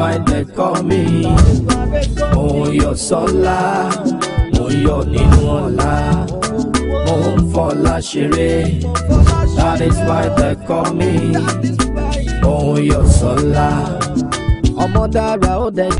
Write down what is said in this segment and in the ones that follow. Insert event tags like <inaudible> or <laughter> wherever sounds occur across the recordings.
ìbàdàn kọ́ mi mo yọ sọ́lá mo yọ nínú ọ̀la mo ń fọlá ṣeré that is why they call me mo yọ sọ́lá ọmọ dára ó dẹ̀.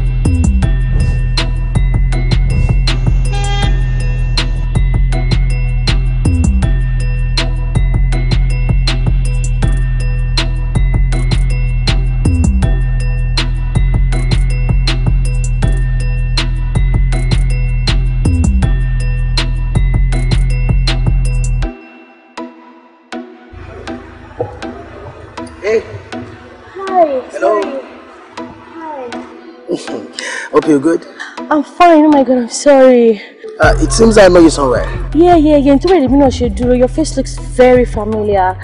you good? I'm fine. Oh my god, I'm sorry. Uh, it seems I know you somewhere. Yeah, yeah, yeah. Into where the should do. Your face looks very familiar.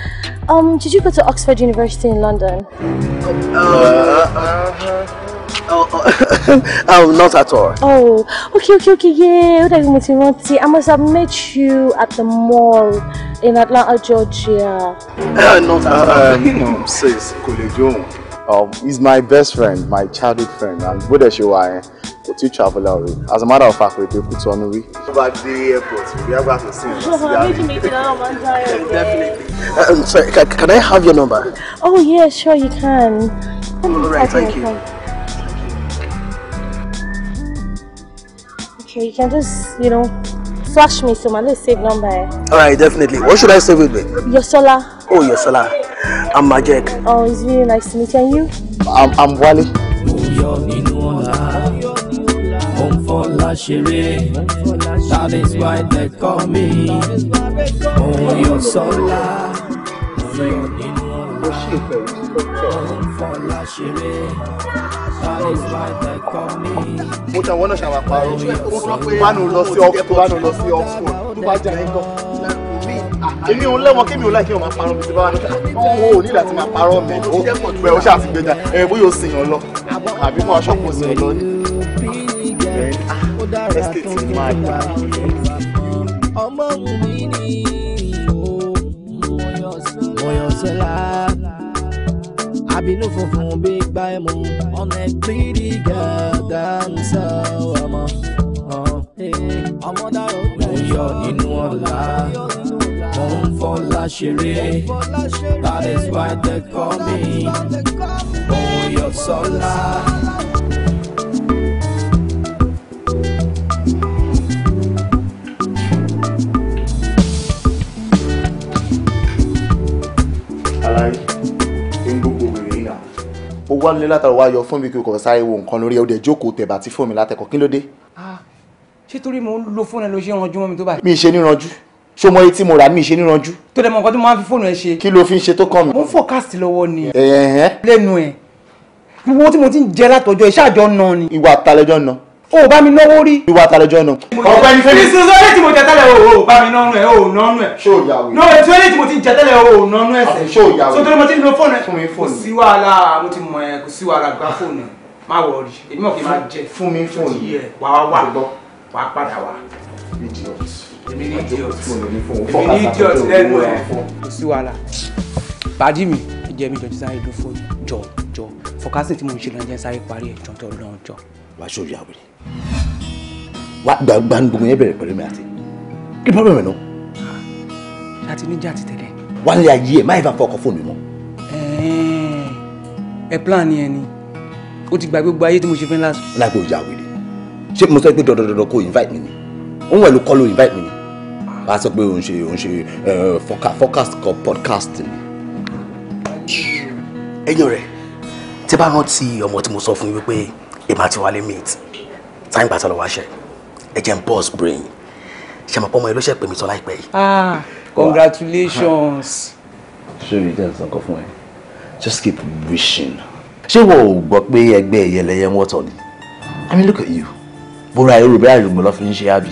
Um, did you go to Oxford University in London? Uh, uh, Oh, oh <laughs> um, not at all. Oh, okay, okay, okay, yeah. I must have met you at the mall in Atlanta, Georgia. Uh, <laughs> not at all. Um, sis, Um, he's my best friend, my childhood friend, and bó dẹ̀ ṣe wà yẹn kò travel rí. As a matter of fact, kò tí kò tó ọ̀nà rí. Tó bá dé airport, we are going to see him. Méjì méjì náà máa ń dáyọ̀ rẹ̀. Definitely. Um, sorry, can, can I have your number? Oh yeah, sure you can. All right, thank you. Thank you. Okay, you can just, you know, Flash me some, I need save number. Eh? All right, definitely. What should I save with me? Your Yosola. Oh, your Yosola. I'm Majek. Oh, it's really nice to meet you. And you? I'm, I'm Wale. That is why they call me Oh, your solar Oh, your solar mo tẹ àwọn náà ṣàwà pààrọ̀ bá nù lọ sí ọkùn bá lọ sí ọkùn tó bá jẹ ẹ̀kọ́ èmi ò lẹ́wọ̀n kémi ò láì kí wọ́n mi ti bá wà níta wọ́n ò ní láti máa parọ́ mi ó bẹ̀ ó ṣáà ti gbẹjà bóyá o sìn yàn lọ àbí mo aṣọ kò sìn yàn lọ ní estate ti máa dà. ọmọ mi ni mo yọ sọ́la. I be Abinu funfun big by mu on that pretty girl dancer uh, I'm on dárò road Mo yọ nínú ọ̀la, mo for fọlá ṣeré, that is why they call me. Oh, you're so sọ́la. wá nílé látàrí wá yọ fún mi kí o kò sáré wo nǹkan lórí ọdẹ jókòó tẹ̀bà tí fóònù mi látẹ̀kọ̀ kí ló dé. Ah, ṣé torí mo ń lo fóònù ẹ ló ṣe ranjú mọ́ mi tó báyìí. mi ṣe níranjú ṣó mọ etí mo rà mi ṣe níranjú. tó dẹ̀ mọ nǹkan tó máa ń fi fóònù ẹ ṣe. kí ló fi ń ṣe tó kàn mí. mo ń fọkásì lọ́wọ́ ni. lẹ́nu ẹ̀ gbogbo tí mo ti ń jẹ látọjọ́ iṣẹ́ àjọ náà ni. ìwà àtàlẹ́jọ́ náà o bá mi náwó rí. ìwà àtàlẹjọ nù. ọ̀pẹ ní fẹ́mi. sísun sọ́ọ́lì tí mo jẹ tẹ́lẹ̀ o ò bá mi nánú ẹ̀ o ò nánú ẹ̀. ṣé o yà wò. lóòrè tí sọ́ọ́lì tí mo ti jẹ tẹ́lẹ̀ o ò nánú ẹ̀ sẹ́. ṣé o yà wò. sotoro mo ti lo fóònù ẹ. fún mi fóònù. kò sí wàhálà mo ti mọ ẹ kò sí wàhálà gba fóònù ẹ má wọ rí èmi mọ̀ kí n máa jẹ. fún mi fóònù yìí wà á wà wà á padà wà. èmi ní idiot èmi ní idiot lẹ́nu ẹ̀. kò sí wàhálà pàdí mi jẹ́ mi jọ ti sáré dún fún jọ jọ fọkásìn tí mo ń ṣe lọ́jọ́ sáré parí ẹ̀ jọ́ntọ́ lọ́jọ́. wàá ṣòyàwó ni wá gbàgbà gbogbo yẹn bẹ̀rẹ̀ pẹ̀lú mi àti kí pọ́blẹ̀mù nù. láti níjà ti tẹ̀lé. wá nílé ayé ẹ̀ má ìfà fọkàn fóònù mọ́. ẹ plan ni ẹ ni ó ti gba gbogbo ayé tí mo ṣe fẹ́ lásán. lágbo ìjà wèrè ṣé mo sọ pé dọ̀dọ̀dọ̀ kò invite mi ni òun wẹ̀ ló kọ́ ló invite mi ni wà á sọ pé òun ṣe òun ṣe forecast kan podcast ni. ẹ̀yin rẹ̀ tí bá rántí ọmọ tí mo sọ fún yín wípé èmi àti Wálé mate time pass lọ wá ṣe ẹ jẹ́ n pause brain ṣe mọ̀ pọ́ ọmọ ẹ ló ṣe pè mí sọ láìpẹ́ yìí. ah congratulations. ṣé mi jẹ́ ǹsán kan fún ẹ just keep wishing. ṣé wo ò gbọ́ pé ẹgbẹ́ ẹ̀yẹlẹyẹ wọ́n tọ̀ ni i mean look at you bóra ẹ rò bẹ́ẹ̀ àlùmọ́ lọ́ fi ń ṣe àbí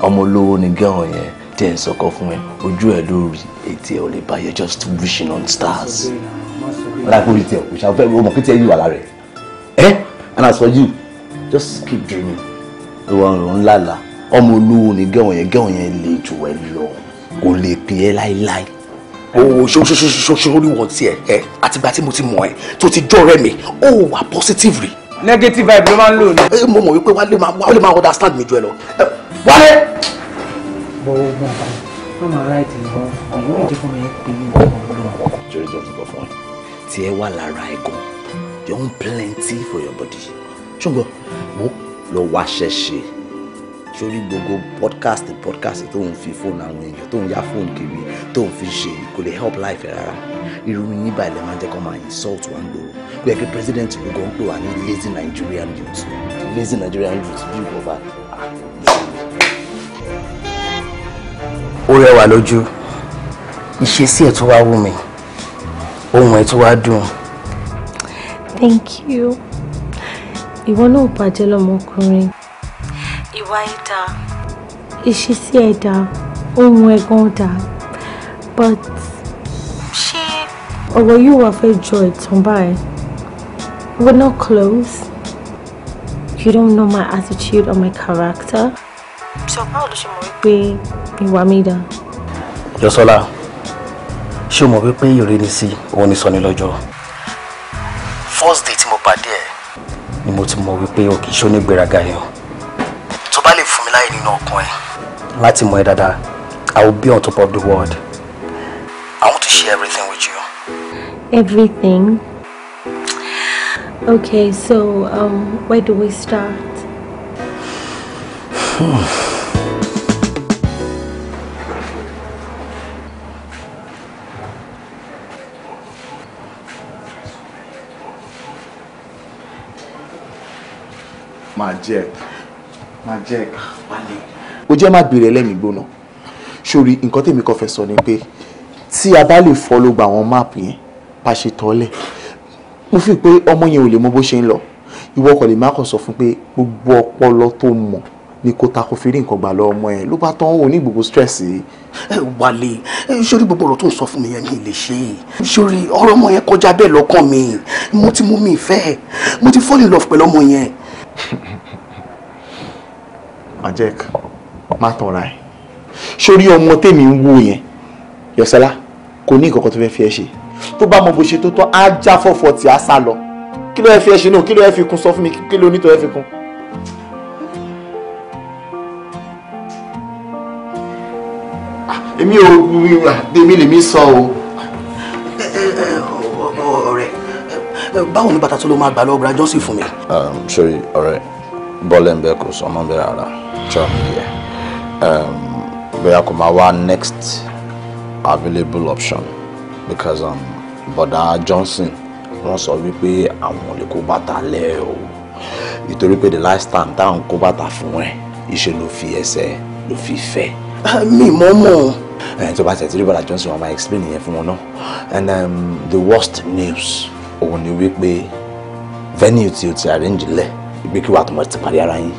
ọmọ olówó ni gẹ́hàn yẹn tí ẹ̀ ń sọkọ fún ẹ ojú ẹ lórí ètè ẹ̀ ò lè bá yẹ just wishing on stars. ọ̀la kò rí tiẹ̀ kò ṣàfẹ́ ọmọ kí tiẹ̀ yìí wà lára ẹ̀ ẹ́ and as for you just keep dreaming. ìwọ̀n ló ń lálàá ọmọ olówó ni gẹ̀wọ̀n yẹn gẹ̀wọ̀n yẹn lè jù ẹ lọ kò lè pè é láéláé. o ṣoṣoṣoṣoṣorí wọn tiẹ ẹ àtìgbà tí mo ti mọ ẹ tó ti jọrẹ mi ó wà positive negative vibe ló máa ń lò ní. mo mọ̀ wípé wálé máa understand mi jù ẹ lọ wálé. bọ́wọ́ mọ̀ ọ́n máa ráìtì lọ́wọ́ ọ̀hún yóò jẹ́ fún mi pé mi ò mọ̀ lọ́wọ́. jẹ́rìí jẹ́ fún mi. tiẹ̀ wà lára ẹ̀gàn you want plenty for your body ṣùgbọ́n mo lọ wáṣẹ ṣe sórí gbogbo podcast podcast tó ń fi fóònù àwọn èèyàn tó ń ya fóònù kiri tó ń fi ṣe kò lè help life rárá irú yín báyìí lè máa ń jẹ́ kó máa insult wa ń gbòòrò kó yẹ kí president ló gan pè wá ní lazy Nigerian youth lazy Nigerian youth bí ìbọ̀bá. Ah, ó rẹwà lójú ìṣesí ẹ̀ tó wá wù mí ohùn ẹ̀ tó wá dùn. thank you ìwọ náà bàjẹ́ lọ́mọkùnrin ìwà ẹ̀ dá ìṣesí ẹ̀ dá ohun ẹ̀ gan dá but ṣé ọ̀rọ̀ yìí wàá fẹ́ jọ ìtàn báyìí we're not close you don't know my attitude or my character so báwo ló ṣe mọ̀ wípé ìwà mi dá. Jọsọ́lá ṣé o mọ̀ wípé ìrínisí òun ni sọ ni lọ́jọ́. mo ti mọ̀ wípé o kì í ṣó gbéraga yẹn o. tó bá lè fún mi láyè nínú ọkàn ẹ. láti mọ̀ ẹ́ dáadáa I will be on top of the world. I want to share everything with you. Everything? Okay, so um, where do we start? Hmm. máa jẹ́ ẹ̀ka máa jẹ́ ẹ̀ka wálé. ó jẹ́ má bèrè ẹlẹ́mìí gbóná sórí nǹkan tèmi kan fẹ́ sọ ni pé tí a bá lè follow gba àwọn máàpù yẹn bá ṣe tọ́lẹ̀ mo fi pé ọmọ yẹn ò lè mọ bó ṣe ń lọ ìwọ kò lè má kàn sọ fún pé gbogbo ọpọlọ tó mọ̀ ni kò ta kò fi rí nǹkan gbà lọ ọmọ ẹ ló bá tán ò ní gbogbo stress yìí. ẹ wálé sórí gbogbo ọ̀rọ̀ tó ń sọ fún mi yẹn mi lè ṣe sórí ọ̀rọ̀ ọmọ yẹn kọjá bẹ́ẹ̀ lọ́kàn mi mo ti mú mi ìfẹ́ mo ti fall in love pẹ̀lú ọmọ yẹn. <laughs> majek má tọ̀ra ẹ̀ sórí ọmọ tèmi ń wò yẹn yọ̀sálá kò ní ìkọ̀kọ̀ tó fẹ́ fi ẹ ṣe tó bá mọ bó ṣe tó tán á já fọ̀fọ̀ tí a sá lọ kí ló ẹ fi ẹ ṣe náà kí ló ẹ fi kún sọ fún mi kí ló nítorí ẹ fi kún. Ah, èmi ò ah, èmi lèmi sọ o. ọ̀rẹ́ báwo ni bàtà tó ló máa gbà lọ Bra Johnson fún mi. Um, sori ọ̀rẹ́ bọ́lẹ̀ ń bẹ kò sọmọ bẹ rárá tí wọ́n mi yẹ bóyá kò máa wá next available option because um, bọ̀dà Johnson wọ́n sọ wípé àwọn lè kó bàtà lẹ̀ e o ìtorí pé the last time táwọn kó bàtà fún ẹ iṣẹ́ ló fi ẹsẹ̀ ló fi fẹ́ mi mọ́ mọ́ tó bá tẹ̀ tí Johnson wọn máa explain ìyẹn fún wọn náà and um, the worst news òun ni wípé venue tí o ti arrange lẹ̀ pé kí wàá tó mọ̀ ti parí ara yín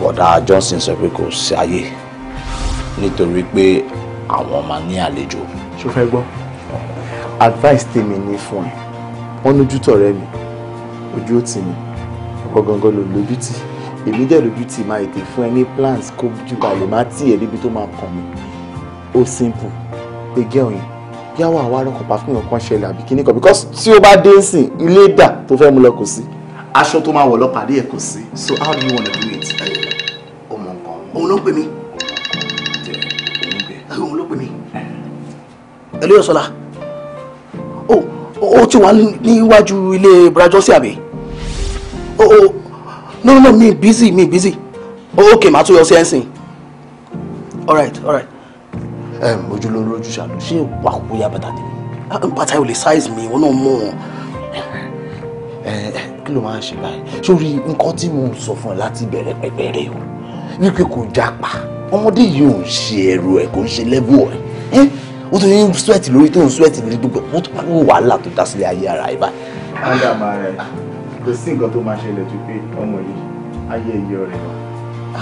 bọ̀dá Johnson sọ pé kò sí ayé nítorí pé àwọn máa ní àlejò. ṣó fẹ́ gbọ́ advice tèmi ní fún ẹ wọ́n lójú tọ̀rẹ́ mi ojú ò tì mí ọkọ̀ gangan ló lójú tì èmi dẹ̀ lójú tì máa ètè fún ẹ ní plans kó jù balẹ̀ má tì ẹ́ débi tó máa kàn mí ó simple pé gẹ́ọ̀yìn yàwó àwa rọ̀kọ̀ pàfihàn kan ṣẹlẹ̀ àbí kíní kan because tí ó bá dé sìn ilé dà tó fẹ́ mú lọ kò sí aṣọ tó máa wọ̀ lọ pàdé ẹ̀ sí so how do you wanna do it. ọmọ nǹkan òun ló pè mí òun ló pè mí. ẹlẹ́yọ̀ sọlá ó ó ti wà níwájú ilé brajọ́sí àbí ó ó no no mi busy mi busy ok màá tún yọ sí ẹ̀sìn alright alright ojúlówó lójú ṣàlù ṣé wà kó yá bàtà tèmi bàtà yóò lè size mi wọn náà mú un kí ló máa ń ṣe báyìí sórí nǹkan tí mo sọ fún ẹ láti bẹ̀rẹ̀ pẹ̀pẹ̀rẹ̀ o wípé kò jápa ọmọdé yìí ò ń ṣe ẹrù ẹ kò ń ṣe lẹ́bù ẹ ó tún ń sweat lórí tó ń sweat lórí gbogbo ó tún pariwo wàhálà tó dá sílé ayé ara ẹ báyìí. ádá máa rẹ kò sí nǹkan tó máa ṣẹlẹ̀ tó pé ọmọ yìí ayé ẹyọ rẹ wà.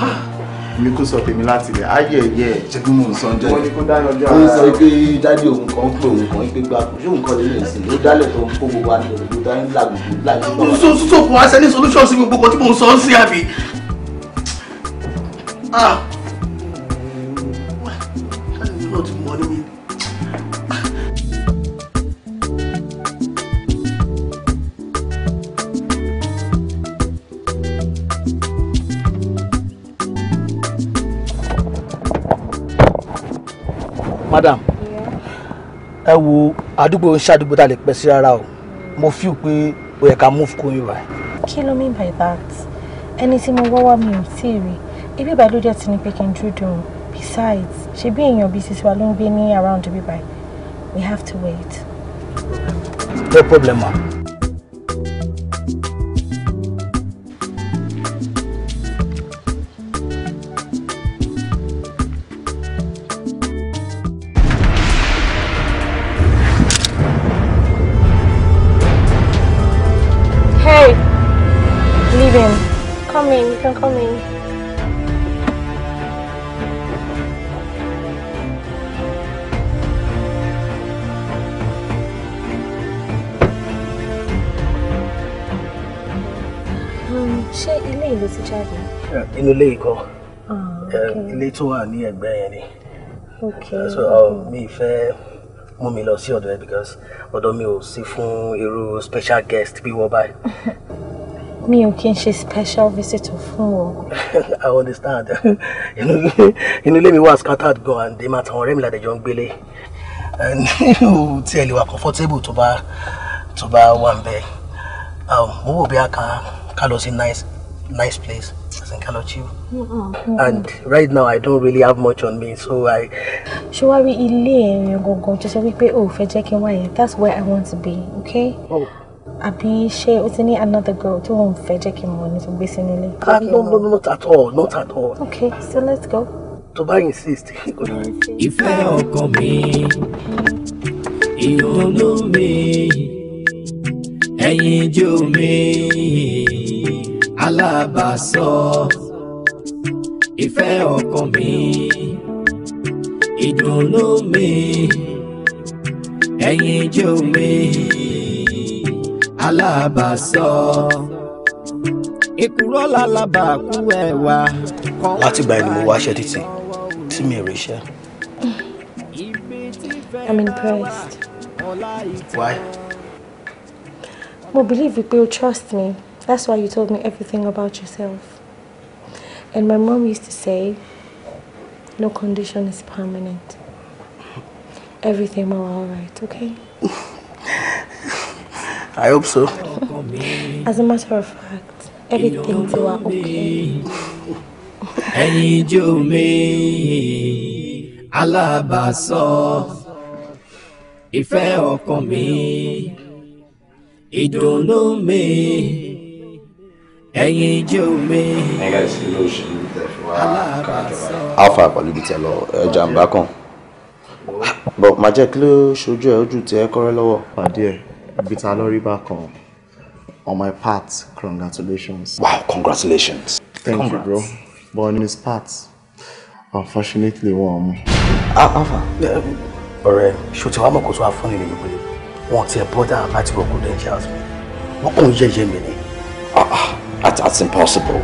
Ah! mi kò sọ tèmi láti rẹ̀ ayé ẹ̀yẹ ṣẹ́gun mò ń sọ jẹ́ ó ń sọ pé dájú òun kan pé òun kan pé gba ṣé òun kan lè sìn ló dálẹ̀ tó ń kó gbogbo àti òun tó ń là gbogbo láti gbọ́. so so so fún wa ṣe ní solution sí gbogbo kan tí mò ń sọ ń sí àbí. Ah. madam ẹ wo àdúgbò ń ṣàdúgbò tá a lè pẹ́ sí rárá o mo feel pé ó yẹ ká move kó yín báyìí. kí ló mean by that ẹni tí mo wọ́wọ́ mi ò tí ì rí ibi ìbàdó jẹ́ ti ní pé kí n dúró dùn besides ṣe bí èèyàn bíi sisi wa ló ń gbé ní around ibi báyìí we have to wait. no problem ma. Am. I'm coming. Um, ṣé ilé ìlú ti jáde? inú ilé ikọ ah, ilé tó wà ní ẹ̀gbẹ́ yẹn ni so uh, mi fẹ́ mú mi lọ sí ọ̀dọ̀ ẹ because ọ̀dọ̀ mi ò sí fún irú special guest bí wọ́n báyìí. <laughs> mi ò kí special visitor fún ọ. <laughs> I understand You know, let me mi wà scattered go, and dem àtàwọn ọ̀rẹ́ mi young Billy, and <laughs> tí ẹ lè are comfortable to buy, to buy one bed. bẹ we will be a ká lọ sí nice nice place as in Kalachiu. Mm -mm. And right now I don't really have much on me, so I. Ṣé wàá rí ilé ẹ̀yìn gangan tó sọ wípé o oh, ò fẹ́ jẹ́ kí n That's where I want to be, okay? Oh àbí ṣé o ti ní another girl tó ń fẹ́ jẹ́ kí n mọ̀ ní tó gbé sínú ilé. ah no no no not at all not at all. okay so let's go. tó bá insist. <laughs> ìfẹ́ ọkàn mi ìdùnnú mi ẹ̀yìn ijó mi alábàásọ ìfẹ́ ọkàn mi ìdùnnú mi ẹ̀yìn ijó mi alábàásọ. ìkúrọ́ lálábà kú ẹ̀wà. látìgbà yẹn ni mo wá aṣẹ títì tí mi rí iṣẹ́. I'm impressed. Why? Mo believe you will trust me. That's why you told me everything about yourself. And my mom used to say, no condition is permanent. Everything will all right, okay? <laughs> I hope so. As a matter of fact, everything you are okay. Ẹyin jó mi, alábàásọ, ìfẹ́ ọkàn mi, ìdùnnú mi, ẹyin jó mi. Ẹ̀ka ìsìn ló ṣe ní tẹ̀síwá kájọba. Alfa pẹ̀lú ibi tí ẹ lọ, ẹ jàǹbá kan. Bọ̀ máa jẹ́ kí ló ṣojú ẹ ojú tí ẹ kọ́rẹ́ lọ́wọ́. Pàdé ẹ̀. Bita lorry back On on my part, congratulations. Wow, congratulations. Thank Congrats. you, bro. But on his part, unfortunately, warm. Ah, Alpha, um, ọ̀rẹ́ ṣòtì wa mọ̀ kó tó wá fún ìrìn ìgbélé wọn ti ẹ̀ bọ́dà láti wọ credentials mi wọn kàn ń yẹ̀yẹ́ mi ni. Ah, ah, that's impossible.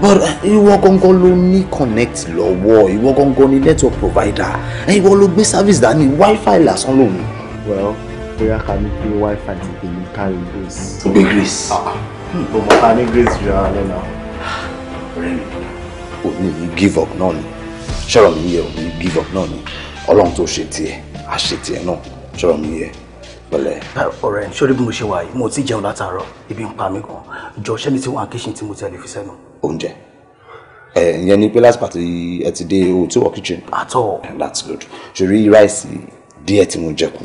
but you eh, ìwọ gangan ló ní connect lọ́wọ́ ìwọ gangan ní network provider and eh, you ìwọ ló gbé service Wi-Fi, lásán lòun. well bóyá ká ní pé wifi ti tèmi kárí grace. o gbé grace. Ah, mo mọ̀ ká ní grace ju ara lọ́nà. ọ̀rẹ́ mi ò ní give up náà ni ṣọ́rọ̀ mi yẹ ò ní give up náà ni ọlọ́run tó ṣe tiẹ̀ á ṣe tiẹ̀ náà ṣọ́rọ̀ mi yẹ pẹ̀lẹ́. ọ̀rẹ́ ṣọ́rí bí mo ṣe wà yìí mo ti jẹun látàárọ̀ ibi ń pa mí gan jọ ṣẹ́ni tí wọ́n á kíṣin tí mo tẹ̀lé fi sẹ́nu. oúnjẹ ìyẹn ni pé last part ẹ ti dé o wọ kitchen. at all. that's good ṣòrí ráìsì díẹ̀ tí mo jẹ kù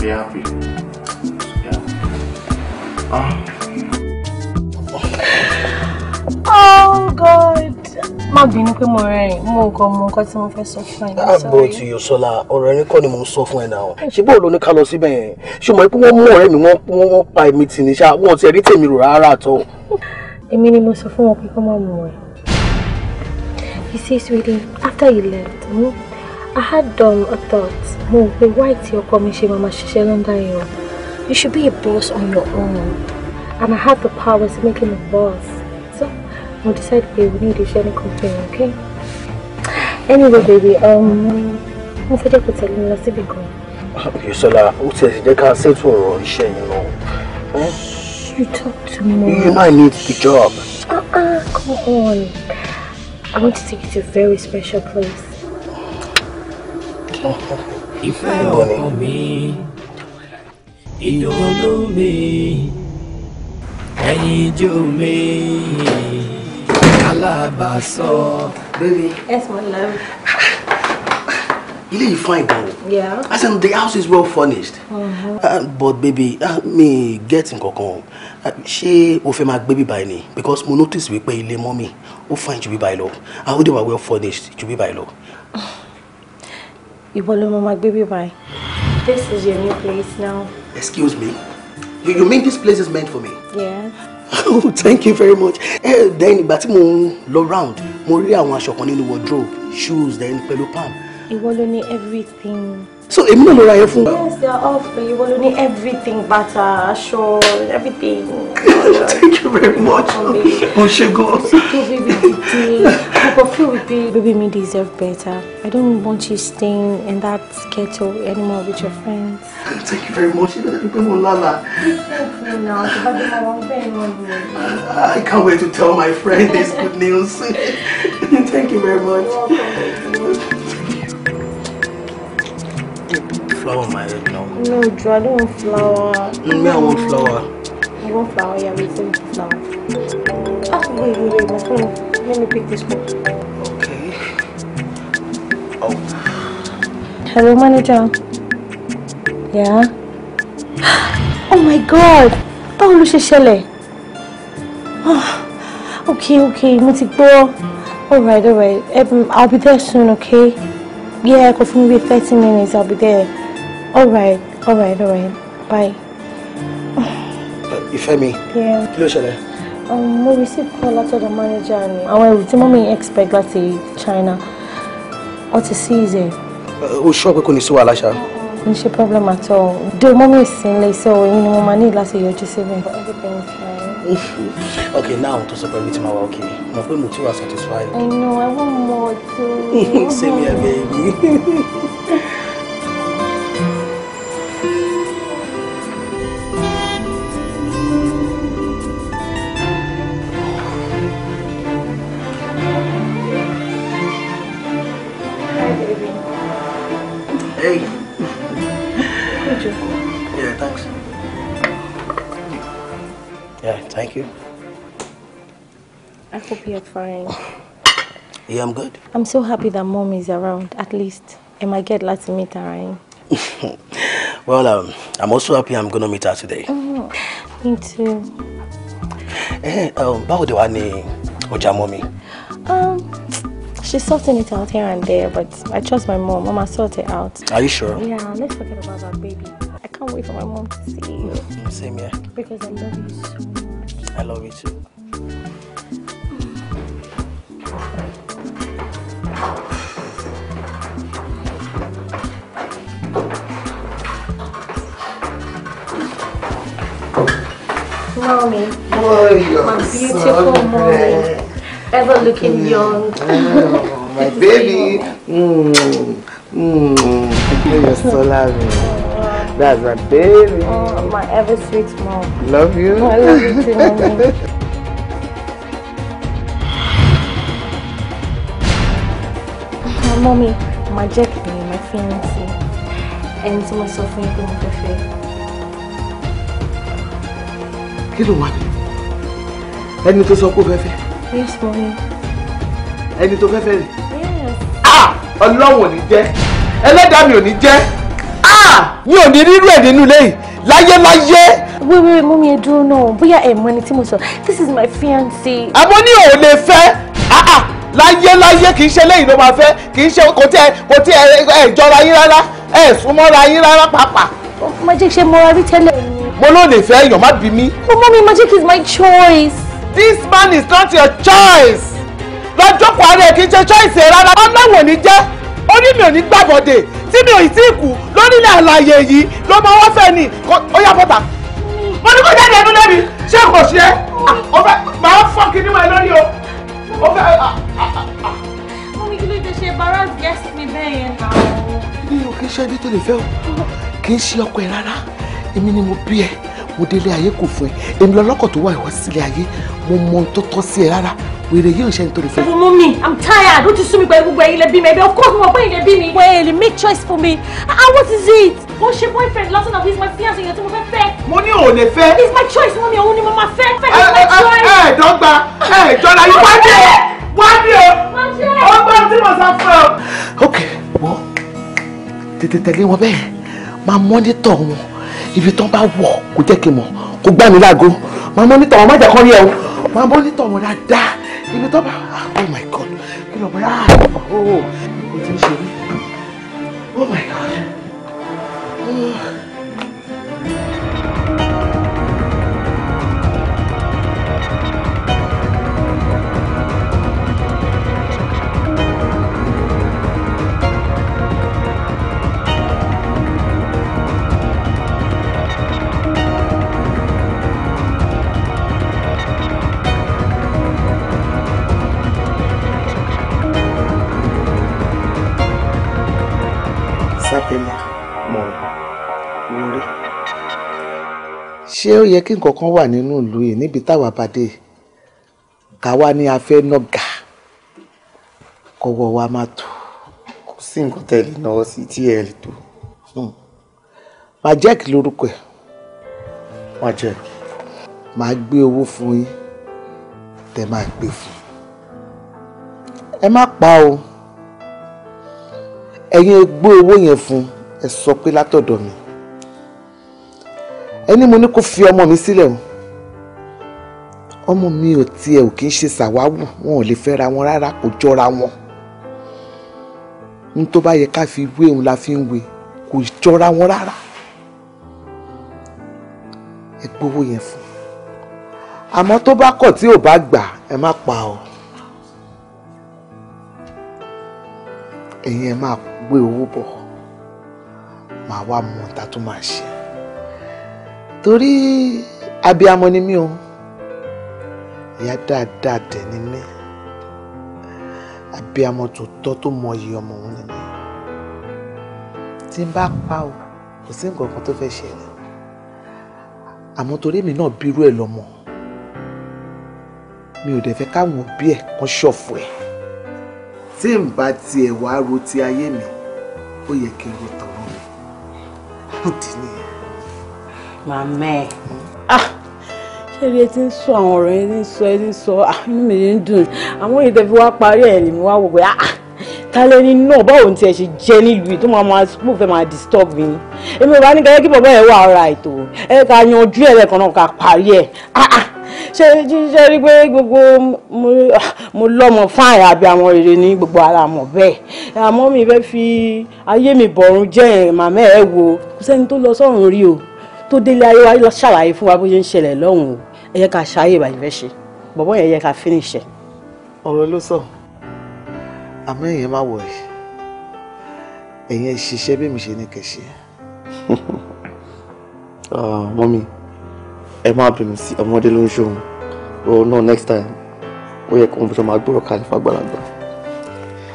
Be happy. Yeah. Ah. Oh God. Má bínú pé mo rẹ́rìn, mo nǹkan mo nǹkan tí mo fẹ́ sọ fún ẹ. Àbò tí yóò sọ́la, ọ̀rọ̀ ẹni kọ́ ni mo ń sọ na o? náà. Ṣé bóòlù ni ká lọ síbẹ̀ yẹn? Ṣé mo rí pé wọ́n mú ọ̀rẹ́ mi wọ́n pa èmi tì ní ṣá, wọ́n ti ẹ̀rí tèmi rò rárá tó. Èmi ni mo sọ fún wọn pé kó má mú He says, sweetie, after you left, hmm? I had um, a thought. Mo, why tí ọkọ coming ṣe máa ṣiṣẹ́ London yìí You should be a boss on your own. And I have the powers to make him a boss. So, we'll decide if we need a sharing company, okay? Anyway, baby, um, mo fẹ́ jẹ́ kó tẹ̀lé mi lọ síbi kan. Yosola, ó ti ẹ̀sìn jẹ́ ká ṣètò ọ̀rọ̀ iṣẹ́ yìí náà. Eh? You talk to me. You might need the job. Ah, uh, uh, come on. I want to take you to a very special place. ìfẹ́ ọkàn mi ìdùnnú mi ẹ̀yin jó mi alábàásọ. baby. yes my love. ilé yìí fine gan o. yeah. I said the house is well furnished. Mm -hmm. uh, but baby uh, mi get nkankan o uh, ṣé o fẹ́ máa gbé bíbá ẹ ni because mo notice wípé ilé mọ́mì ó fine ju bíbá ẹ lọ and ó dẹ̀ wà well furnished ju bíbá ẹ lọ. Ìwọ ló máa baby bí This is your new place now. Excuse me. You, you mean this place is meant for me? Yes. <laughs> Oh, thank you very much. Eh, then ìgbà tí mo ń round, mo rí àwọn aṣọ kan nínú wardrobe, shoes, then pelu palm. Ìwọ ló ní everything. so èmi náà ló ra yes they are awful. you want ló ní everything bàtà sure. everything. <laughs> thank you very much Oh, she oh, gan. it's okay baby baby baby me deserve better i don't want you staying in that ghetto anymore with your friends. thank you very much ibẹ̀ pé mo lálà. I can't wait to tell my friend this good news. <laughs> Thank you very much. You're welcome. flower my head now. No, Drew, I don't want flower. me, I want flower. You want flower? Yeah, we send flower. Ah, oh, wait, wait, wait, Let me pick this one. Okay. Oh. Hello, manager. Yeah? <gasps> Oh my god! Paolo, ló ṣe ṣẹlẹ̀? Ah, okay, okay, mo ti gbọ́. Alright, alright. Um, I'll be there soon, okay? Yeah, call for maybe 30 minutes. I'll be there. All right, all right, all right. Bye. <sighs> Ifemi. Yeah. Kí ló ṣẹlẹ̀? Um, mo receive call látọ̀dọ̀ manager ni. Àwọn ẹrù tí mọ́mí expect láti China. Ó ti seize ẹ̀. E. Uh, o ṣọ́ pé kò ní sí wàhálà ṣá. N ṣe problem at all. Do mọ́mí ìsìn lè ṣe òyìn ni mo máa ní láti yọjú síbẹ̀. Everything is fine okay now to sọ pé mi ti okay My pé mo ti satisfied. I know I want more too. <laughs> same here baby. <laughs> Thank you. I hope you're fine. <laughs> Yeah, I'm good. I'm so happy that mom is around. At least, I might get lots to meet her. Right? <laughs> well, um, I'm also happy I'm gonna meet her today. Mm, me too. Hey, eh, um, how do I ní ọjà mommy? Um, she's sorting it out here and there, but I trust my mom. Mama sort it out. Are you sure? Yeah, let's forget about that baby. I can't wait for my mom to see you. Mm, same here. Because I love you so much. I love you too. Mommy, oh, my beautiful so mommy, ever looking mm. young. Oh, my baby. Mm. Mm. You're so lovely. That's my baby. Oh, my ever sweet mom. Love you. I love you too, mommy. <laughs> Ah, mommy, my jacket, my fiancé, ẹni tí mo sọ fún yín pé mo fẹ́ fẹ́. Kí ló wà ní? Ẹni tó Yes, mommy. Ẹni tó fẹ́ fẹ́ rẹ̀. Yes. Ah! Ọlọ́run ò ní jẹ́. Ẹlẹ́dàá mi ò ní jẹ́ mi ò ní rírú ẹ̀ nínú ilé yìí láyéláyé. wíwí mú mi dúró náà bóyá ẹ̀ mọ ẹni tí mo sọ this is my fiancé. àmọ́ ní ò lè fẹ́ láyéláyé ah, ah. kì í ṣe lẹ́yìn ló máa fẹ́ kì í ṣe kò tí ẹ kò tí ẹ ẹ jọra yín rárá ẹ súnmọ́ra yín rárá pàápàá. má jẹ́ ṣe mọ́ra rí tẹ́lẹ̀ ni. mo ló lè fẹ́ èèyàn má bí mi. mo mọ́ mi magic is my choice. this man is not your choice. lọ́jọ́ parí ẹ̀ kì í ṣe choice rárá. ọlọ́wọ̀n ò ní jẹ́ orí mi ò ní gbàbọ̀dẹ̀ tí mi ò tí ì kú lórílẹ̀ àlàyé yìí ló mọ wọ́n fẹ́ ni ó yà bọ́tà mo ní kó jáde ẹnu lẹ́bi ṣé kò ṣe é ah, ó fẹ́ máa fọ́ kíní máa lórí o ó fẹ́. Ah, ah, mo ní kí ló dé ṣe bàrà gẹ́sì mi bẹ́ẹ̀ yẹn náà. mi ò kí ń ṣe ẹni tó lè fẹ́ o kì í ṣe ọkọ ẹ rárá èmi ni mo bí ẹ mo délé ayé kò fún ẹ èmi lọlọ́kọ̀ tó wà ìwọ sílé ayé mo mọ ohun tó tọ́ sí ẹ rárá wèrè yóò ṣe nítorí fẹ́. fún mi i'm tired ó ti sún mi pẹ̀lú gbogbo ẹ̀yin lẹ́bí mi ẹ̀bí of course mo mọ̀ pé ẹ̀yin lẹ́bí mi. well make choice for me ah what is it. ó ṣe boyfriend lọ́sàn of he's my fiance èèyàn tí mo fẹ́ fẹ́. mo ní òun lè fẹ́. it's my choice mọ́mi òun ni mo máa fẹ́. fẹ́ it's eh, my eh, eh, choice. ẹ ẹ dọ́gba ẹ jọra yín wá dé wá dé o ọgbà tí mo sá fún ọ. ok wọ́n tètè tẹ̀lé wọn bẹ́ẹ̀ máa mọ́nítọ̀ wọn ibi tán bá wọ̀ kó jẹ́ kí n mọ̀ kó gbá mi láago máa mọ́nítọ̀ wọn má jẹ́ kọ́ rí ẹ o máa mọ́nítọ̀ wọn dáadáa ibi tó bá oh my god kí ló bá yà oh, oh, oh. kò tí ń ṣe mí oh my god. Uh. Bella Morgan ní orí. ṣé ó yẹ kí nǹkan kan wà nínú ìlú yìí níbi táwa bá dé káwa ni a fẹ́ nàgà kọ́wọ́ wa máa tó. kò sí nǹkan tẹ̀lé náà sí tí ẹ lè tó. Hmm. Majek lórúkọ ẹ̀. Majek. màá gbé owó fún yín tẹ máa gbé fún ẹ má pa o ẹ̀yin gbé owó yẹn fún ẹ sọ pé látọ̀dọ̀ mi ẹni mo ní kó fi ọmọ mi sílẹ̀ o ọmọ mi ò tiẹ̀ ò kí ń ṣe ṣàwáwù wọn ò lè fẹ́ra wọn rárá kò jọra wọn n tó bá yẹ ká fi wé òun la fi ń wé kò jọra wọn rárá ẹ gbowó yẹn fún àmọ́ tó bá kọ̀ tí ò bá gbà ẹ má pa ọ́ ẹ̀yin ẹ má gbé owó bọ̀ màá wá mọ ta tó máa ṣe torí abiyamọ ni mí o ìyá dáadáa dẹ̀ ni mí abiyamọ tòótọ́ tó mọyì ọmọ òun ni mí tí n bá pa o kò sí nǹkan kan tó fẹ́ ṣẹlẹ̀ àmọ́ torí èmi náà bírú ẹ̀ lọ́mọ mi ò dẹ̀ fẹ́ káwọn òbí ẹ̀ kan ṣọ̀fọ̀ ẹ̀ tí n bá tiẹ̀ wá ro ti ayé mi ó yẹ kí n rí tọ̀run mi ó dì nìyẹn. màmá ẹ ah! ṣé ibi tí ń sọ àwọn ọ̀rọ̀ ẹni ń sọ ẹni ń sọ ah, inú mi ń dùn àwọn ìdẹ̀bí wa parí ẹ̀ lèmi wá wò pé ah, tálẹ́ ní náà báwo ni tiẹ̀ ṣe jẹ́ nílùú tó máa máa mú fẹ́ máa disturb mi èmi ò bá ní kẹ́kẹ́ kí bọ̀bọ́ ẹ̀ wà ọ̀rọ̀ àìtó ẹ̀ ká yanjú ẹ̀ lẹ́ẹ̀kan náà ká parí ẹ̀ ah ah ṣe ṣe rí pé gbogbo mo lọ́mọ fáìn àbí àwọn èrè ní gbogbo ara mọ̀ bẹ́ẹ̀ àmọ́ mi fẹ́ fi ayé mi bọ̀rùn jẹ́ màmá ẹ̀ wo kò sẹ́ni tó lọ sọ́run rí o tó délé ayé wa lọ ṣàlàyé fún wa bó ṣe ń ṣẹlẹ̀ lọ́hùn-ún ẹ yẹ ká ṣàyè ìbàjẹ́ fẹ́ ṣe bọ̀bọ́ yẹn yẹ ká finish ẹ̀. ọ̀rọ̀ ló sọ àmọ́ èèyàn máa wọ̀ ẹ̀ ẹ̀yìn ẹ̀ ṣiṣẹ́ bí mi ṣe ní kẹ̀ ṣe. <laughs> Ah, mọ́mí ẹ má bínú sí ọmọdé ló ń ṣòun o no next time ó yẹ kó ń bọ́sọ̀ máa gbọ́rọ̀ kalẹ̀ fàgbàlagbà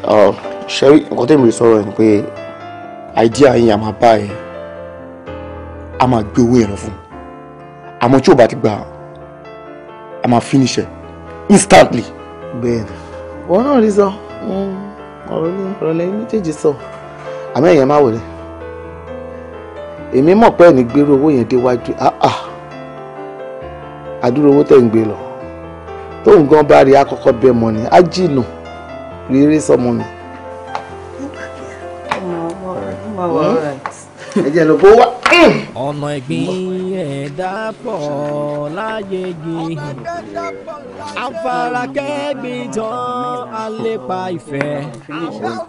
um, ṣẹ́rí nǹkan tẹ́mi sọ̀rọ̀ ni pé àìdíà yín a máa bá ẹ a máa gbé owó yẹn lọ fún àmọ́ tí ò bá ti gbà a máa finish ẹ instantly. bẹ́ẹ̀ni wọn náà rí sọ hmm, ọ̀rọ̀ ní ọ̀rọ̀ lẹ́yìn méjèèjì sọ àmọ́ èèyàn má wọlé èmi mọ̀ pé ẹni gbèrú owó yẹn déwájú ah ah àdúrà owó tẹ̀ ń gbé lọ tóun gan bá rí akọ́kọ́ bẹ mọ́ ni á jìnnà rere sọmọ mi. Hmm? ẹ jẹ́ bó wá. ọ̀nà ìgbín ẹ̀dá pọ̀ láyé yìí afárakẹ́gbìn tán alépa ìfẹ́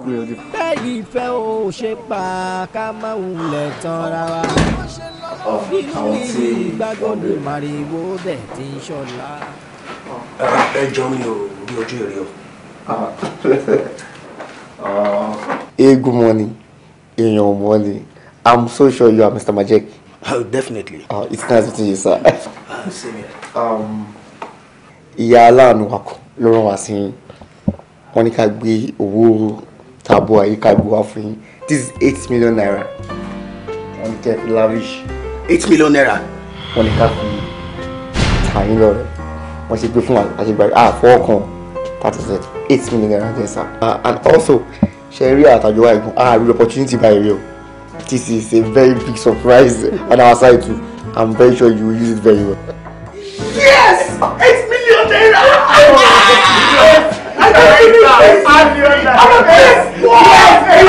bẹ́ẹ̀ ìfẹ́ ò ṣe pa ká má wulẹ̀ tán rárá àwọn tí ìgbàgbọ́dọ̀ màrìwò bẹ̀ ti <laughs> ah, èèyàn mọ i'm so sure you are mr majek. Oh, definitely. Uh, it's nice to see you sir. Ah, same here. Um, ìyá aláàánú wa kọ ló rán wa sí yín wọ́n ní ká gbé owó tàbó àyíká gbé fún yín this is eight million naira wọ́n ní kẹ́ lavish eight million naira. wọ́n ní ká fi ta yín lọ rẹ̀ wọ́n ṣe gbé fún àṣegbàrí àfọwọ́ kan thirty percent eight million naira jẹ́ sá. and also ṣe rí àtàjọ wa ìgbọ̀n àárí opportunity by rí this is a very big surprise on our side too i'm very sure you will use it very well. yes eight million naira. I can't believe this! I'm a best! Yes! We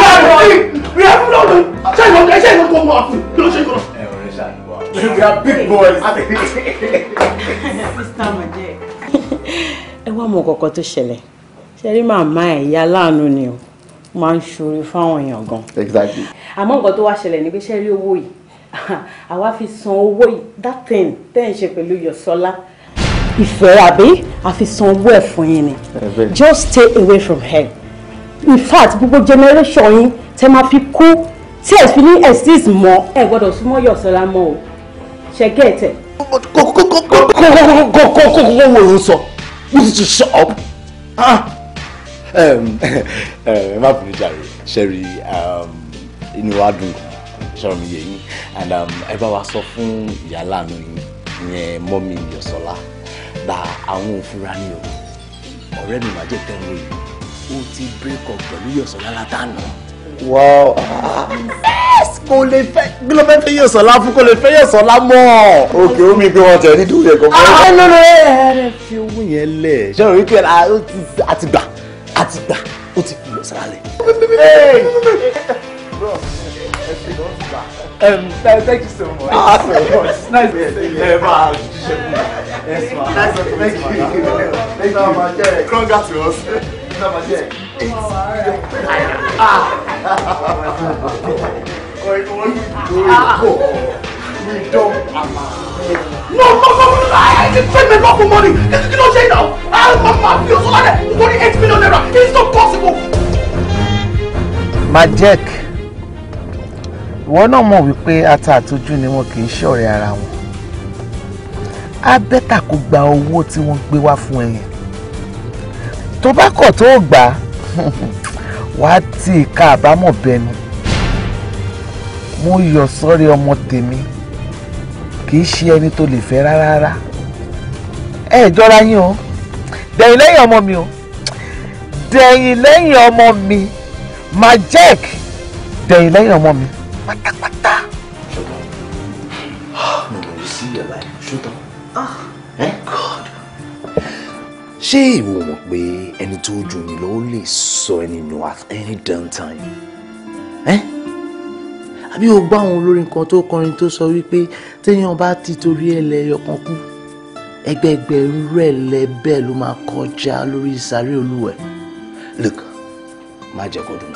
have we have we have no no! Ṣé ìwọ̀n ṣé ìwọ̀n tó ń wọ̀ ọ́ fún? Kí ló ṣe é kọ́? we are big boys. Mr. <laughs> Maje. Ẹ wá mọ kọ̀kọ́ tó ṣẹlẹ̀. Ṣé rí màmá ẹ̀ ìyá láàánú ni o? Máa ń ṣoore fáwọn èèyàn gan. Exactly. Àmọ́ nǹkan to wá ṣẹlẹ̀ ni pé ṣé rí owó yìí? <laughs> Àwa fi san owó yìí that thing tẹ́ ẹ̀ ń ṣe pẹ̀lú Yọ̀sọ́lá. Ìfẹ́ àbí a fi san owó ẹ̀ fún yín ni. Just stay away from her. In fact, gbogbo generation yín tẹ́ máa fi kú tí ẹ̀ fi ní exist mọ́ ẹ̀ gbọ́dọ̀ your Yọ̀sọ́lá mọ́ o ṣe gẹ̀ẹ́tẹ̀. kókókókókókókókó wo ló ń sọ you need to shut up. ẹ má bínú jàre ṣẹ́rí inú wa dùn ṣọ́rọ̀ mi yẹ yín and ẹ bá wa sọ fún ìyá láàánú yín ìyẹn mọ́mí Yọ̀sọ́lá da àwọn òfúra ni o ọ̀rẹ́ mi màjẹ́ tẹ́lẹ̀ yìí ó ti break up pẹ̀lú Yọ̀sọ́lá látàná wow kò lè fẹ́ kí ló fẹ́ fẹ́ yẹ sọ̀lá fún kò lè fẹ́ yẹ sọ̀lá mọ́. òkè omi pé wọn tẹ̀ nídìí òye kan. ẹ ló lè ẹ fi owó yẹn lẹ ṣé o rí pé a ti gbà a ti gbà ó ti kú lọ sára lẹ. Um, thank you so much. Awesome. Ah, It's nice to see you. Yes, you. Thank you. Thank you so Thank you eight. No, no, no, no, I didn't spend my lawful money. This is not now. I'm a mafia, so like that. Money eight million naira. It's not possible. My Jack. ìwọ náà mọ̀ wípé ata àtọ́jú ni wọn kì í ṣọ̀rẹ́ ara wọn á bẹ́tà kó gba owó tí wọ́n gbé wá fún ẹ yẹn tó bá kọ̀ tó gbà á wàá tí ìka àbámọ̀ bẹnu mo yọ̀ sọ́rí ọmọ tèmi kì í ṣe ẹni tó lè fẹ́ rárá rárá ẹ jọra yín o dẹ̀yìn lẹ́yìn ọmọ mi o dẹ̀yìn lẹ́yìn ọmọ mi majek dẹ̀yìn lẹ́yìn ọmọ mi pátápátá. ṣùgbọ́n mi ò lè sí ìyàlá ẹ̀ ṣùgbọ́n ṣé ìwọ mọ̀ pé ẹni tó jù ní lọ lè sọ ẹni nù at any damn time ẹ́ àbí o gbá àwọn olórin kan tó kọrin tó sọ wípé téèyàn bá ti torí ẹlẹ́yọ kan kú ẹgbẹẹgbẹ̀rún rẹ̀ lẹ́bẹ̀ ló máa kọjá lórí sàárè olúwẹ̀ look má jẹ́ kó dùn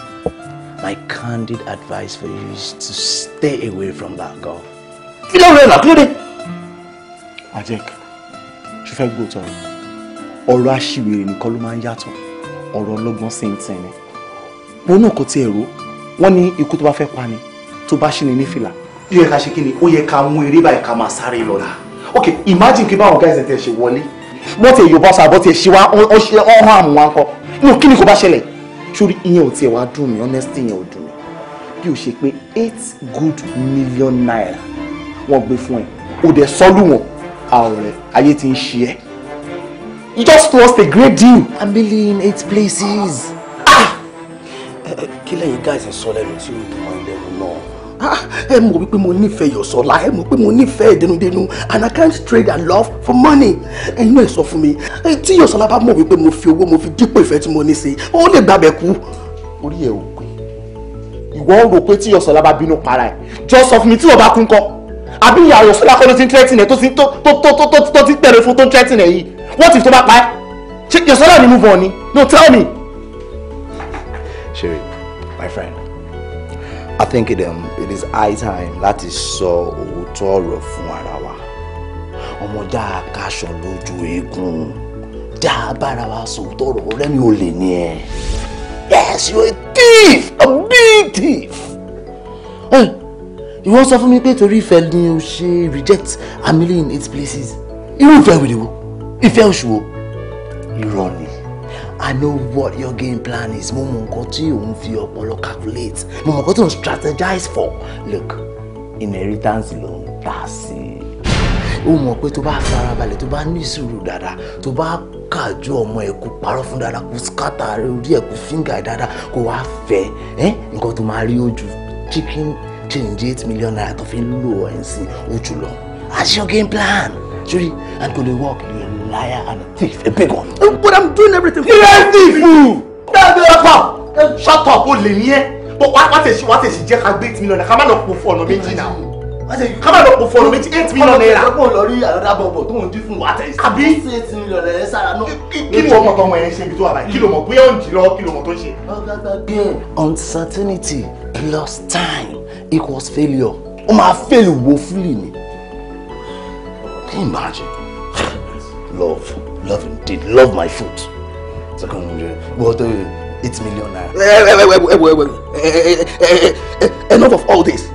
my candid advice for you is to stay away from that girl. kí ló rẹ̀ nà kí ló dé. ajẹ́kẹ́ ṣe fẹ́ gbóòótọ́ rẹ̀ ọ̀rọ̀ aṣiwèrè nìkan ló máa ń yàtọ̀ ọ̀rọ̀ ọlọ́gbọ́n sì ń tẹ̀ ni wọn náà kò tiẹ̀ rò wọ́n ní ikú tó bá fẹ́ pa ni tó bá ṣì ní ní fìlà ó yẹ ká ṣe kí ni ó yẹ ká mú eré báyìí ká máa sáré lọ la ok imagine kí báwọn guys tẹ̀ ṣe wọlé wọ́n tẹ̀ yorùbá sàbọ̀ tẹ̀ ṣe wá ọ̀hún àmú wa ńkọ́ inú kí ni kò bá ṣẹlẹ̀ sórí ìyẹn ò tiẹ̀ wá dùn mí honestly ìyẹn ò dùn mí bí o ṣe pé eight good million naira wọ́n gbé fún ẹ o dẹ̀ sọ́lù wọn àwọn ọ̀rẹ́ ayé ti ń ṣe ẹ́ You just lost a great deal. I'm million eight places. Ah! killer! You guys ẹ̀ sọ lẹ́nu tí yóò dùn lẹ́nu náà? Ah! Ẹ mọ̀ wípé mo nífẹ̀ẹ́ Yọ̀sọ́lá, ẹ mọ̀ pé mo nífẹ̀ẹ́ dénúdénú and I can't trade and love for money. Ẹyin náà sọ fún mi, tí Yọ̀sọ́lá bá mọ̀ wípé mo fi owó mo fi dípò ìfẹ́ tí mo ní sí, ó lè gbàbẹ̀ kú. Orí ẹ̀ ò pé, ìwọ ń rò pé tí Yọ̀sọ́lá bá bínú para ẹ̀, jọ sọ fún mi tí wọ́n bá kú ń kọ́. Àbí ìyá Yọ̀sọ́lá to ló to to to to to ti ń tẹ́tìn ẹ̀ yìí what if tó bá pa ẹ́ your salary ni move on ni no tell me. Sherry my friend I think it, um, it is high time láti sọ òótọ́ ọ̀rọ̀ fún ara wa ọmọ dáa káṣọ lójú eegun dáa bára wa sòótọ́ ọ̀rọ̀ ọ̀rẹ́ mi ò lè ní ẹ. Yes, you a thief, a big thief. Ìwọ sọ fún mi pé torí ìfẹ́ ni o she reject Amílẹ̀ in its places. Irú ìfẹ́ with wo? ìfẹ́ oṣù wo irọ́ ni i know what your game plan is mo mọ nǹkan tí òun fi ọpọlọ calculate mo mọ nǹkan tí òun strategize for look inheritance ló ń tà sí i ó mọ̀ pé tó bá farabalẹ̀ tó bá ní ìṣòro dáadáa tó bá kájú ọmọ ẹ̀ kó parọ́ fún dáadáa kó skátà orí ẹ̀ kó fíńgà dáadáa kó wá fẹ́ ẹ́ nǹkan tó máa rí ojú chicken change eight million naira tó fi ń lò ẹ̀ sí ojú lọ that's your game plan tree and go to work. You're a liar and a thief, a big one. Oh, but I'm doing everything. You're a thief! Shut up! Shut oh, up, O lè ní ẹ́. But wá tẹ̀ sí wá tẹ̀ sí jẹ́ ká gbé eight million naira. Ká má lọ pò fún ọ̀nà méjì náà. Ká má lọ pò fún ọ̀nà méjì eight million naira. Ọmọ ìjọba lọ rí àlọ́dá bọ̀bọ̀ tó ń dín fún wa tẹ̀ sí. Àbí eight million naira sára náà. Kí ni ọmọ tọmọ yẹn ṣe ibi tó wà báyìí? Kí ló mọ̀ bóyá òǹjì lọ kí ló mọ̀ tó ṣe? Uncertainty plus time equals failure. Ó máa fail woefully ni imagine? love, love indeed, love my food. So come what uh, eight million naira. Enough of all this.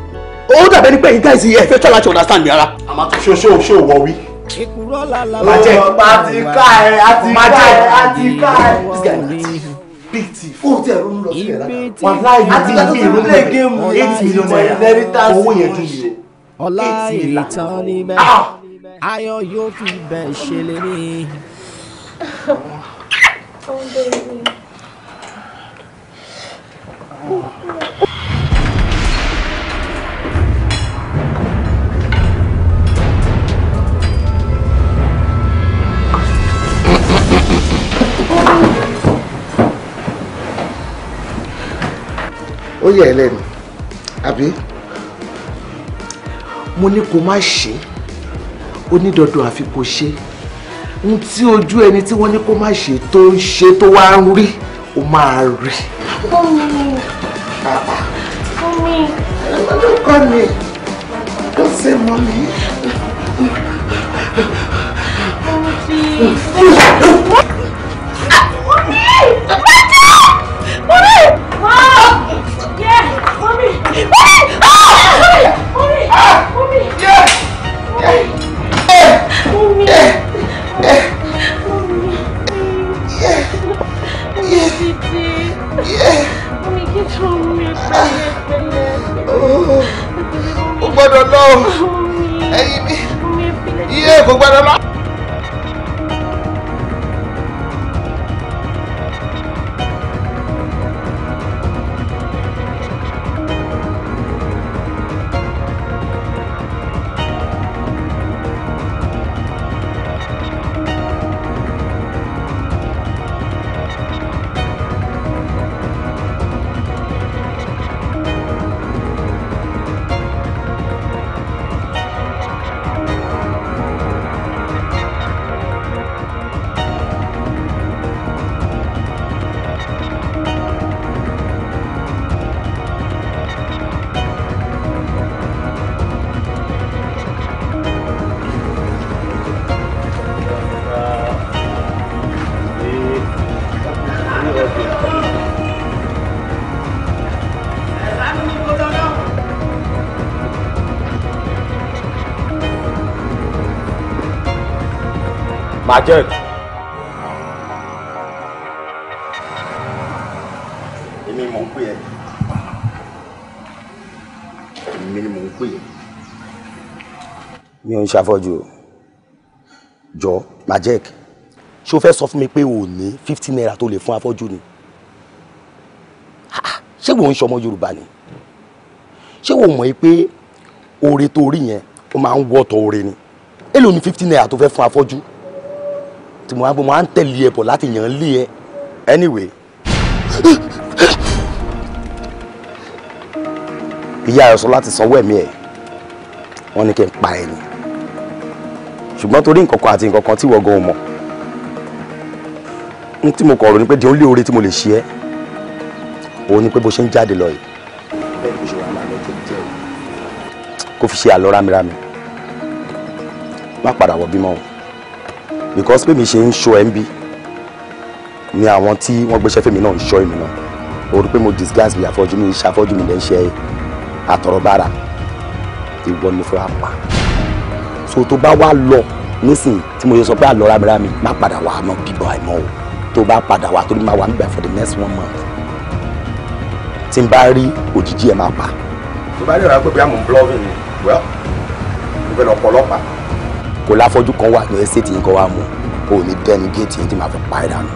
Ó dàbẹ̀ ni pé you guys here fẹ́ try to understand mi ara. Àmọ́ ṣé o ṣé o ṣé o wọ̀ wí? Ìkúrọ̀ làlá. Májẹ̀ àti ká ẹ̀ àti ká ẹ̀ àti ká ẹ̀. This guy na thief big thief. o tẹ ronú lọ sílẹ̀ lára wọn láì ní ní ìlú play game eight million naira owó yẹn dùn mí o eight million naira ayọ̀ yóò fi bẹ̀ ṣe lérí. ó yẹ ẹ lẹ́nu àbí mo ní kó má ṣe é onídọ̀dọ̀ àfi kò ṣe ohun tí ojú ẹni tí wọ́n ní kó má ṣe tó ń ṣe tó wá ń rí ó máa rí. fúnmi fúnmi. don't call me don't say mommy. Ah! Ah! Ah! Yeah! ó gbọ́dọ̀ lọ ẹ̀yìn mi iye kò gbọ́dọ̀ lọ. target. èmi mò ń pè ẹ́ èmi ni mò ń pè ẹ́. mi ò ń ṣàfọ́jú o jọ majek ṣé o fẹ́ sọ fún mi pé o ní fifty naira tó lè fún afọ́jú ni ṣé wò ń ṣọmọ Yorùbá ni ṣé wò mọ̀ pé oore tó rí yẹn ó máa ń wọ́tọ̀ oore ni èló ni fifty naira tó fẹ́ fún afọ́jú tí mo wá ń tẹ̀lé ẹ láti yàn án lé ẹ anyway. ìyá ẹ̀ sọ láti sanwó ẹ̀mí ẹ̀ wọ́n ní kí n pa ẹ̀ ni ṣùgbọ́n torí nǹkan kan àti nǹkan kan tí wọ́n gan mọ̀ n tí mo kọ̀ ọ̀rọ̀ ni pé di only oore tí mo lè ṣe ẹ́ òun ni pé bó ṣe ń jáde lọ yìí bẹ́ẹ̀ kò ṣe wà máa lọ́jọ́ kó fi ṣe àlọ́ rámirámi má padà wọ bímọ o because pé mi ṣe ń ṣọ́ ẹ ń bí ni àwọn tí wọ́n gbéṣẹ́ fèmí náà ń ṣọ́ èmi náà o pé mo disguise bí afọ́jú mi ṣàfọ́jú mi lè ń ṣe àtọ̀rọ̀bára ìwọ ni mo fẹ́ wá so tó bá wá lọ nísìnyí tí mo yẹ sọ pé àlọ́ rámírá mi má padà wá àmọ́ bíbọ̀ àìmọ́ o tó bá padà wá torí máa wà nígbà for the next one month tí n bá rí òjijì ẹ̀ máa pa. tó bá rí ọ̀rá pé bí i am bluffing well mo fẹ́ lọ pọ̀ ọlọ́pàá kò láfọ́jú kan wà ní ẹ́sẹ̀tì yìí kan wà mú o ní bẹ́ẹ̀ géètì yìí tí màá fi pa ẹ̀ dànù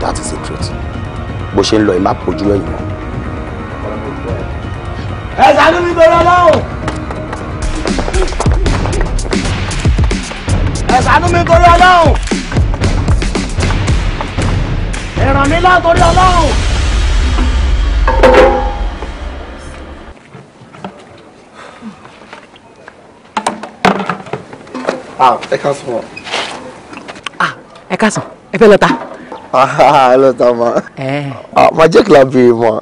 that is the truth bó ṣe ń lọ ìmá pojú ẹ̀yìn mọ́. ẹ ṣàánú mi bẹ̀rẹ̀ ọlọ́run ẹ ṣàánú mi bẹ̀rẹ̀ ọlọ́run ìrànmílá torí ọlọ́run. Ah, ẹ ká sùn. Ah, ẹ ká sùn ẹ fẹ́ lọ ta. Ah, ẹ lọ ta ma. majek la bèrè mọ.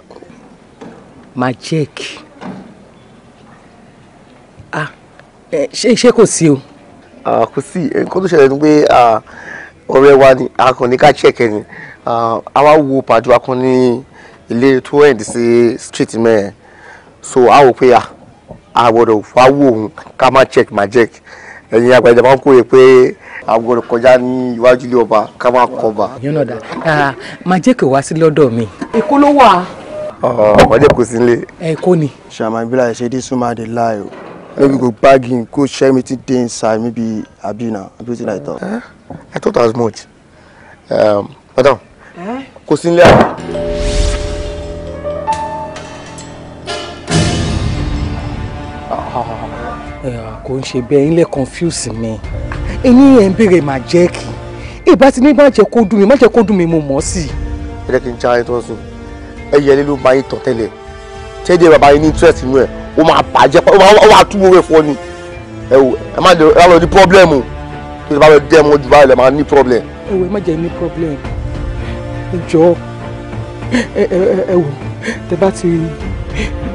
majek ṣé ṣé kò sí o. kò sí nǹkan tó ṣẹlẹ̀ ni pé ọ̀rẹ́ wa ni a kàn ní ká chẹ́kẹ̀ ni a wá wo pàdé wa ní ilé tó ẹ̀ǹdí sí street mẹ́rin so a wò pé a gbọ́dọ̀ wá wò òun ká má check majek ẹ̀yin àgbàjá máa ń kórè pé àwọn kọjá ní iwájú ilé ọba ká máa kọ ọba. yọ̀nà dà máa jẹ́ kí wá sí lọ́dọ̀ mi. èkó ló wà. Ah, ọmọdé kò sí nílé. èkó ni. ṣàmà ìbílẹ̀ ṣe dé súnmọ́ adé láì o no be go bargain go share wetin dey inside maybe abina, na wetin i talk. i thought as much. Um, madam eh? kò sí nílé àná. kò ń ṣe bẹ́ẹ̀ ilé confuse mi ẹni ẹ̀ ń béèrè mà jẹ́ kí ìbá ti ní má jẹ́ kó dùn mí má jẹ́ kó dùn mí mo mọ̀ ọ́ sí. ẹ jẹ́ kí n já ẹ tó ń sùn ẹyẹ lé ló máa yín tàn tẹ́lẹ̀ tí ẹ jẹ́ bàbá yín ní interest inú ẹ̀ ó máa bàjẹ́ ó máa tú owó ẹ̀fọ́ ni ẹ wò ẹ má lọ ní problem o tó ti bá lọ dẹ́ báyìí lẹ́ máa ní problem. ẹ wò ẹ má jẹ́ ní problem ìjọ ẹ ẹ wò tẹ bá ti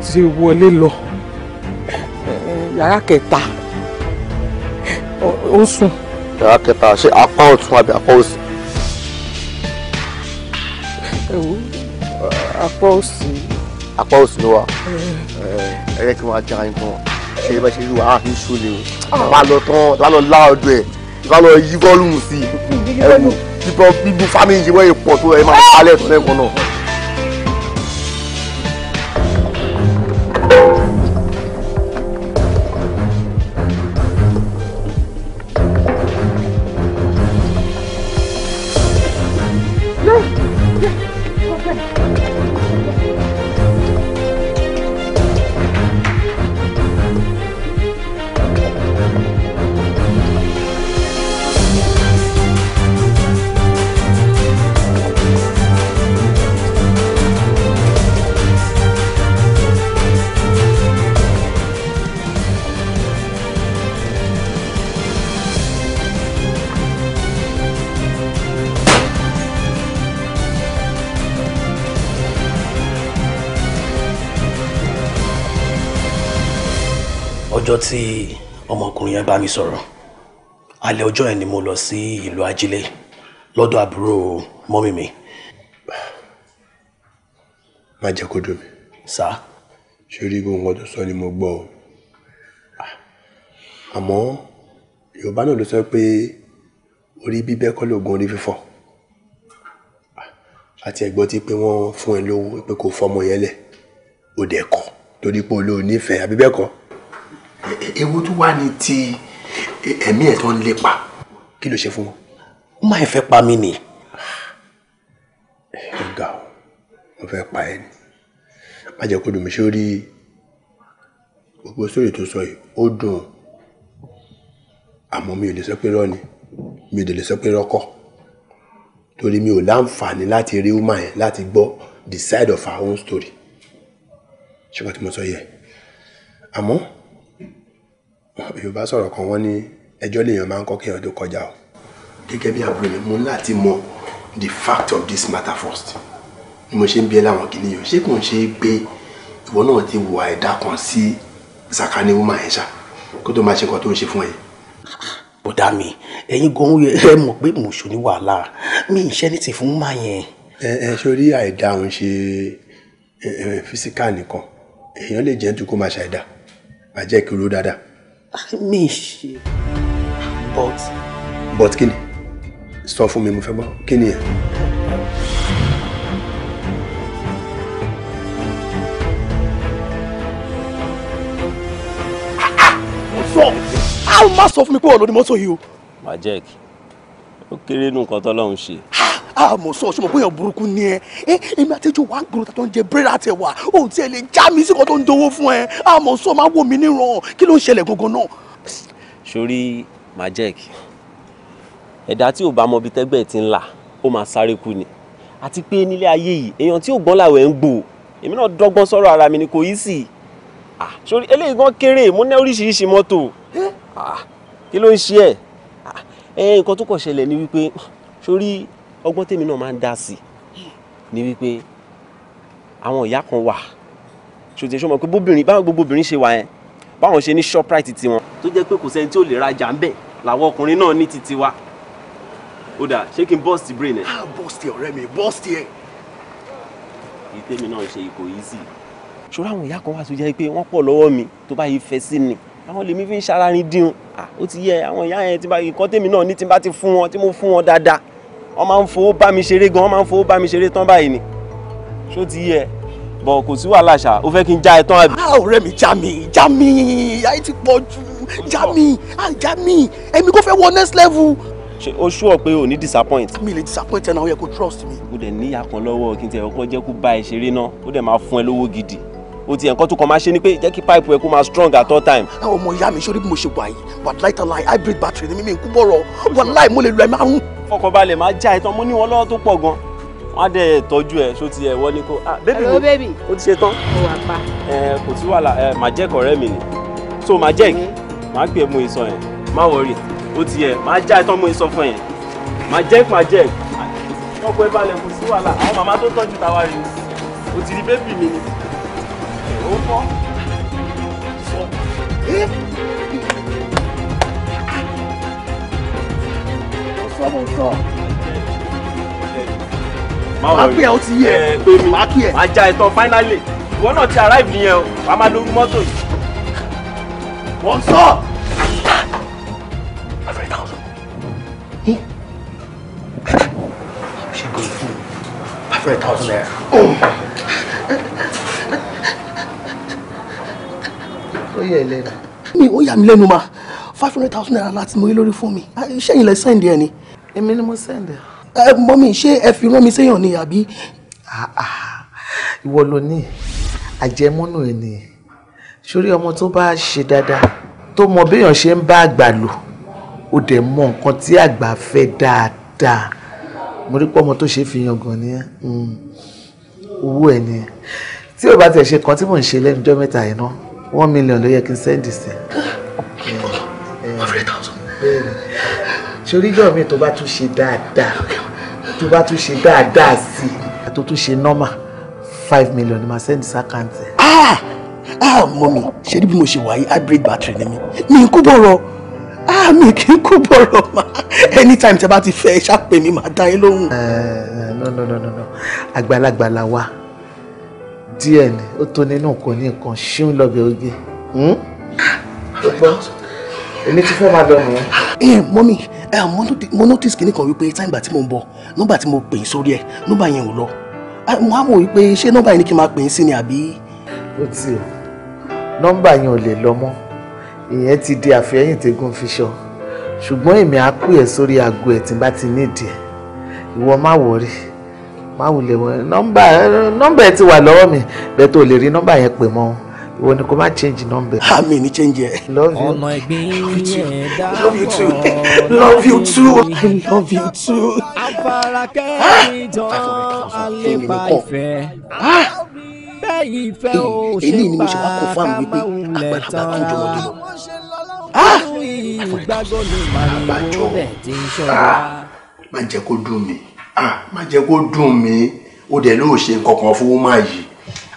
ti wọlé lọ yàrá kẹta ó sùn. yàrá kẹta ṣé apá ọ̀tún àbí apá òsì. ẹ̀wọ̀ apá òsì. apá òsì ló wà ẹ̀rẹ́ kí wọ́n á jẹ́ àyìn fún wọn ṣé ẹ bá ṣe rí wàhálà ní ṣúlẹ̀ o wà ah. á lọ tán wà á lọ lá ọdún ẹ̀ wà á lọ yí fọ́ọ̀lù sí i ẹ̀wọ̀ bíbọ bíbu fámìlì yìí wọ́n yìí pọ̀ tó ẹ̀ máa kálẹ̀ ah! tó lẹ́kọ̀ọ́ náà. ọjọ́ tí ọmọkùnrin yẹn bá mi sọ̀rọ̀ alẹ́ ọjọ́ yẹn ni mo lọ sí ìlú ajílẹ̀ lọ́dọ̀ àbúrò mọ́mì mi. má jẹ́ kó dùn mí. sá. ṣé orí gbogbo nǹkan tó sọ ni mo gbọ́ o àmọ́ yorùbá náà ló sọ pé orí bíbẹ́ kọ́ lóògùn orí fífọ́ àti ẹ̀gbọ́n ti pé wọ́n fún ẹ lówó pé kò fọmọ yẹn lẹ̀ ó dẹ̀ kọ́ torí pé olóò nífẹ̀ẹ́ àbí kọ́ ewu tó wà ní ti ẹ̀mí ẹ̀ tó ń lépa. kí ló ṣe fún wọn ó máa fẹ́ pa mí ni. ó ga ọ ó fẹ́ pa ẹ ni má jẹ́ kó dùn mí ṣé ó rí gbogbo sórí tó sọ yìí ó dùn àmọ́ mi ò lè sọ pé rọ́ mi ò lè sọ pé rọ́kọ̀ torí mi ò láǹfààní láti rí woman yẹn láti gbọ́ the side of our own story ṣé kò tí mo sọ yẹ àmọ́ yorùbá sọ̀rọ̀ kan wọ́n ní ẹjọ́ lèèyàn máa ń kọ́ kéèyàn tó kọjá o gẹ́gẹ́ bí àbúrò mi mo ní láti mọ the fact of this matter first ni mo ṣe ń bí ẹ láwọn kìíní yìí ṣé kò ń ṣe pé ìwọ náà ti wà ẹ̀dá kan sí sàkání woman yẹn ṣá kó tó máa ṣe nǹkan tó ń ṣe fún ẹ. bọ̀dá mi ẹ̀yin gan-an ẹ mọ̀ pé mò ń ṣò ní wàhálà mi ìṣẹ́ ní ti fún má yẹn. ẹ ẹ sórí àìdá òun ṣe físíkà nìkan èèyàn lè jẹ́ ń tu kó máa ṣàìdá àjẹkìrò dáadáa mi ṣe but. but kí ni sọ fún mi mo fẹ́ gbọ́ kí ni yẹn. sọ a ó má sọ fún mi pé wọ́n lò ní mọ́tò yìí o. wàá jẹ́ kí ó kéré nù nǹkan tọ́lọ́run ṣe a ah, mọ̀ sọ ṣọmọ bóyá burúkú ni ẹ ẹ eh, èmi àtẹjọ wà ń gbòòrò tàtọ́ ń jẹ búrẹ́dì àti ẹ̀wà òun tí ẹ lè já mi sí kan tó ń dowó fún ẹ a ah, mọ̀ sọ máa wò mí níran kí ló ń ṣẹlẹ̀ gangan náà. sori majek ẹ̀dá tí ò bá mọ ibi tẹ́gbẹ́ ti ń là ó máa sáré kú ni àti pé nílé ayé yìí èèyàn tí ò gbọ́n làwẹ̀ ń gbò èmi náà dọ́gbọ́n sọ̀rọ̀ ara mi ni kò yí sí ah, sori eléyìí gan kéré mo ní oríṣiríṣi mọ́tò eh? kí ló ń ṣe ẹ eh, nǹkan tó kọ̀ ṣẹlẹ̀ ni wípé sori ọgbọ́n tèmi náà máa ń dá sí ni wípé àwọn ìyá kan wà ṣòtẹ́ ṣọmọ pé bóbìnrin báwọn gbogbo obìnrin ṣe wà yẹn báwọn ṣe ní shoprite tiwọn tó jẹ́ pé kò sẹ́ni tí ò lè rajà ń bẹ̀ làwọn ọkùnrin náà ní titi wa ó dà ṣé kí n bọ́ọ̀sì ti brain ẹ̀. ah bọ́ọ̀sì ti ọ̀rẹ́ mi bọ́ọ̀sì ti ẹ̀. ìtẹ́mi náà ṣe ìkò yìí sí. ṣòro àwọn ìyá kan wà tó jẹ́ pé wọ́n pọ̀ lọ́wọ́ mi tó bá yí fẹ́ sí ni àwọn lèmi fi ń ṣararin dín un ah, ó ti yẹ àwọn ìyá yẹn tí nǹkan tèmi náà ní tí n bá ti fún wọn tí mo fún wọn dáadáa wọ́n máa ń fowó bá mi ṣeré gan wọ́n máa ń fowó bá mi ṣeré tán báyìí ni ṣó ti yẹ bọ̀ kò sí wàhálà ṣá o fẹ́ kí n já ẹ tán àbí. a ah, ọ̀rẹ́ mi já mi já mi ayé ti pọ̀ jù já mi ah, já mi èmi kò fẹ́ wọ next level. ṣe o ṣúọ̀ pé o ní disappoint. mi lè disappoint ẹ̀ náà ó yẹ kó trust mi. o dẹ̀ níyà kan lọ́wọ́ kí n tẹ̀ ọkọ jẹ́ kó bá ẹ ṣeré náà ó dẹ̀ máa fún ẹ lówó gidi o ti ẹ̀kọ́ tó kàn máa ṣe ni pé jẹ́ kí pipe ẹ kó máa strong at all time. àwọn ọmọ ìyá mi ṣorí bí mo ṣe wà but light and light hybrid battery ni mímí ń kú bọ̀rọ̀ wàláì mo lè lu ẹ̀ márùn. fọkànbalẹ̀ máa já ẹ̀tàn mo ní wọn lọ́wọ́ tó pọ̀ gan wọ́n á dẹ̀ tọ́jú ẹ̀ ṣó ẹ̀ wọlé kó. bébì mo o ti ṣe tán. mo wà pa. ẹ kò sí wàhálà ẹ màá jẹ́ kọ̀rẹ́ mi ni so màá jẹ́ mm-hmm. màá pè mo ìsọ yẹn má wọrí o ti yẹ màá já ẹ̀tàn mo ìsọ fún yẹn màá jẹ́ màá jẹ́ ọkọ̀ ìbalẹ̀ kò sí wàhálà àwọn màmá tó tọ́jú tàwa rèé o ti di bébì mi ni ẹ̀rọ ń bọ́ sọ. mo sọ mo sọ. máa pè ọ́ ti yẹ ẹ pé mi máa pè ẹ́. máa já ẹ̀tàn finally ìwọ náà ti arrive nìyẹn o wàá máa lórí mọ́tò yìí. mo sọ. Five hundred thousand naira. Oh. yẹ ẹ lẹ́nu. mi ò yà mí lẹ́nu ma five hundred thousand naira láti mo rí lórí fún mi iṣẹ́ yìí lẹ sẹ́ǹdì ẹ ni. èmi ni mo sẹ́ǹdì. ẹ mọ mi ṣé ẹ fi rán mi séèyàn ni àbí. ìwọ ló ní àjẹmọ́nù ẹ̀ nìyẹn sórí ọmọ tó bá ṣe dáadáa tó mọ béèyàn ṣe ń bá àgbà lò ó dẹ̀ mọ nǹkan tí àgbà fẹ́ dáadáa mo rí pé ọmọ tó ṣe fi yan gan ni hmm. owó ẹ̀ nìyẹn tí ò bá tẹ̀ ṣe kan tí mò ń ṣe lẹ́nu ọjọ́ mẹ́ta yìí náà one million ló yẹ kí n sẹ́ndì sí. hundred thousand. bẹ́ẹ̀ni ṣoríjọ́ mi tó bá tún ṣe dáadáa tó bá tún ṣe dáadáa sí i tó tún ṣe normal five million ni màá sẹ́ndì sí àkáǹtì. ah ah mọ́mi ṣe bí mo ṣe wà yìí hybrid battery ni mi mi kú bọ̀rọ̀ ah mi kì í kú bọ̀rọ̀ ma anytime tí a bá ti fẹ́ ṣàpè mi màá dá yín lóhùn. Eh, eh, no no no no àgbàlagbà la wa. No díẹ̀ ni ó tó nínú kò ní nǹkan ṣíún lọ́bẹ̀ oge hmm? gbọ́ èmi ti fẹ́ máa lọ nìyẹn. ẹ eh, mọ́mí eh, mo notice kinní kan wípé táìgbà tí mo ń bọ̀ nọ́mbà tí mo pè é sórí ẹ̀ nọ́mbà yẹn ò lọ ah, mo á wò wípé ṣé nọ́mbà yẹn ni kí n máa pè é sí ni àbí. ó ti o nọ́mbà yẹn ò lè lọ mọ́ ìyẹn ti di àfihàn tẹ́gùn fi ṣọ ṣùgbọ́n èmi á pè ẹ́ sórí aago ẹ̀ tí n bá ti nídìí ẹ̀ ìwọ má wọrí má wulẹ̀ wọn nọ́mbà nọ́mbà ẹ ti wà lọ́wọ́ mi bẹ́ẹ̀ tó lè rí nọ́mbà yẹn pè mọ́ ìwọ ni kò má change nọ́mbà. àmì ah, ní change yẹ. ọ̀nà ìgbín yẹn dá pọ̀ love you too love you too i love you too. afarakẹ́ ah! ìjọ alẹ́bà ìfẹ́ ah! bẹ́ẹ̀ ìfẹ́ ò ṣe bá kábà wulẹ̀ tán àgbàjọ máa ń jẹ́ kó dùn mí ah má jẹ́ kó dùn mí ó dẹ̀ ló ṣe nǹkan kan fún wúmá yìí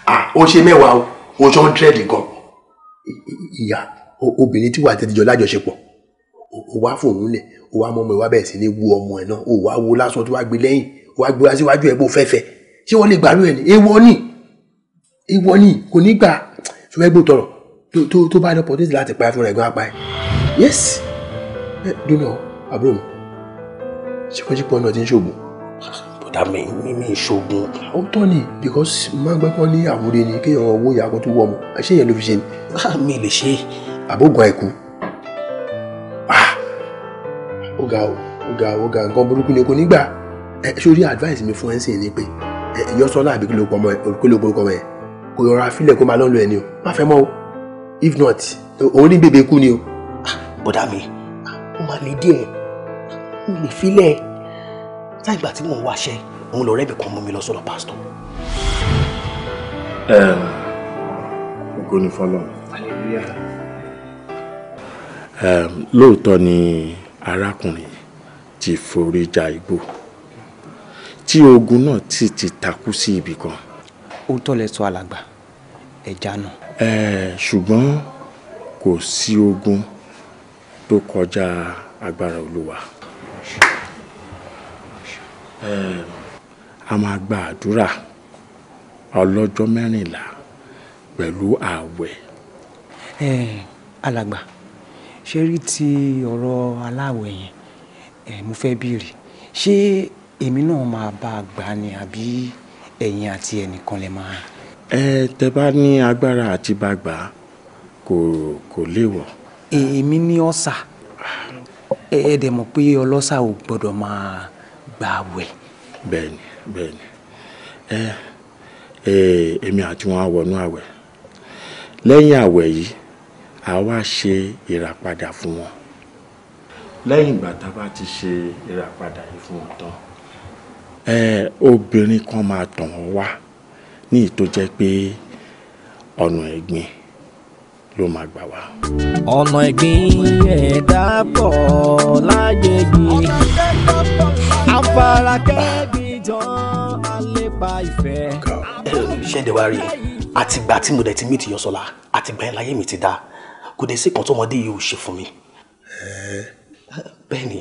ah ó ṣe mẹ́wàá o ó ṣe hundred gan. ìyá obìnrin tí wà á tẹ́tí jọ lájọṣepọ̀ ó wá fòun lẹ̀ ó wá mọ́mọ́ ẹ wá bẹ̀rẹ̀ sí ní wú ọmọ ẹ náà ó wá wo lásán tó wá gbé lẹ́yìn ó wá gbé wá síwájú ẹ bó fẹ́fẹ́ ṣé wọ́n lè gbàrú ẹ ní ewọ ni ewọ ni kò ní gbà ṣùgbọ́n ẹgbẹ́ òtọ̀rọ̀ tó tó bá dọ́pọ̀ títí láti pa ẹ fúnra ẹ̀ gan apá ẹ yẹ́sì ẹ eh, dúnà àbúrò mi ṣe kọ́jú pọ́n náà ti ń ṣògùn bọ̀dá mi mi ṣoògùn. ó tọ́ ni because máa ń gbẹ́kọ́ ní àwúre ni kéèyàn owó ìyá kan tó wọ̀ mọ́ àṣé yẹn ló fi ṣe ni. Ah, mi lè ṣe àbógun àìkú. Ah! ó ga o ó ga o ga nǹkan burúkú ni kò ní gbà ẹ sórí advice mi fún ẹ ń sìn ni pé yọ́sọ́lá àbí kí ló pọ̀ mọ́ ẹ kí ló pọ̀ mọ́ ẹ kò rọra fílẹ̀ kó máa lọ́nlọ́ ẹ ni o má fẹ́ mọ́ o if not òun ní bèbè kú ni o. Ah, bọ̀dá mi ó máa le díẹ̀ mi lè fílẹ̀ láì gbà tí mò ń wáṣẹ́ òun lọ̀rẹ́ mi kan mú mi lọ sọ́dọ̀ pásítọ̀. ògo ni fọlọ́run. lóòótọ́ ni arákùnrin ti forí ja igbó tí ogun náà sì ti takú sí ibì kan. òótọ́ lẹ sọ alàgbà ẹja nù. ṣùgbọ́n kò sí ogun tó kọjá agbára olúwa a máa gba àdúrà ọlọ́jọ́ mẹ́rìnlá pẹ̀lú ààwẹ̀. alàgbà ṣe rí ti ọ̀rọ̀ aláwẹ̀ yẹn mo fẹ́ béèrè ṣé èmi náà máa bá a gbà ni àbí ẹ̀yin àti ẹnìkan lè máa. ẹ tẹ bá ní agbára àti bàgbà kò kò léèwọ̀. èmi ní ọ̀sà ẹ̀ẹ́dẹ̀ mọ̀ pé ọlọ́sà ò gbọ́dọ̀ máa gbà wẹ̀. bẹ́ẹ̀ni bẹ́ẹ̀ni ẹ ẹ èmi àti wọn á wọnú àwẹ̀ lẹ́yìn àwẹ̀ yìí a wá ṣe ìràpadà fún wọn lẹ́yìn ìgbà tá a bá ti ṣe ìràpadà yìí fún wọn tán ẹ obìnrin kan máa tàn wọ́n wá ní ìtò pé ọ̀nà ẹ̀gbin ló máa gbà wá. ọ̀nà ẹ̀gbin ẹ̀dá pọ̀ lágbègbè afara kẹ́gbìn jọ alépa ìfẹ́. ṣẹ́ǹdẹ̀ wá rí i àtìgbà tí mo dẹ̀ ti mí ti Yọ́sọ́lá àtìgbà yẹn láyé mi ti dá kò dé sí kan tọmọdé yìí ò ṣe fún mi. bẹ́ẹ̀ ni.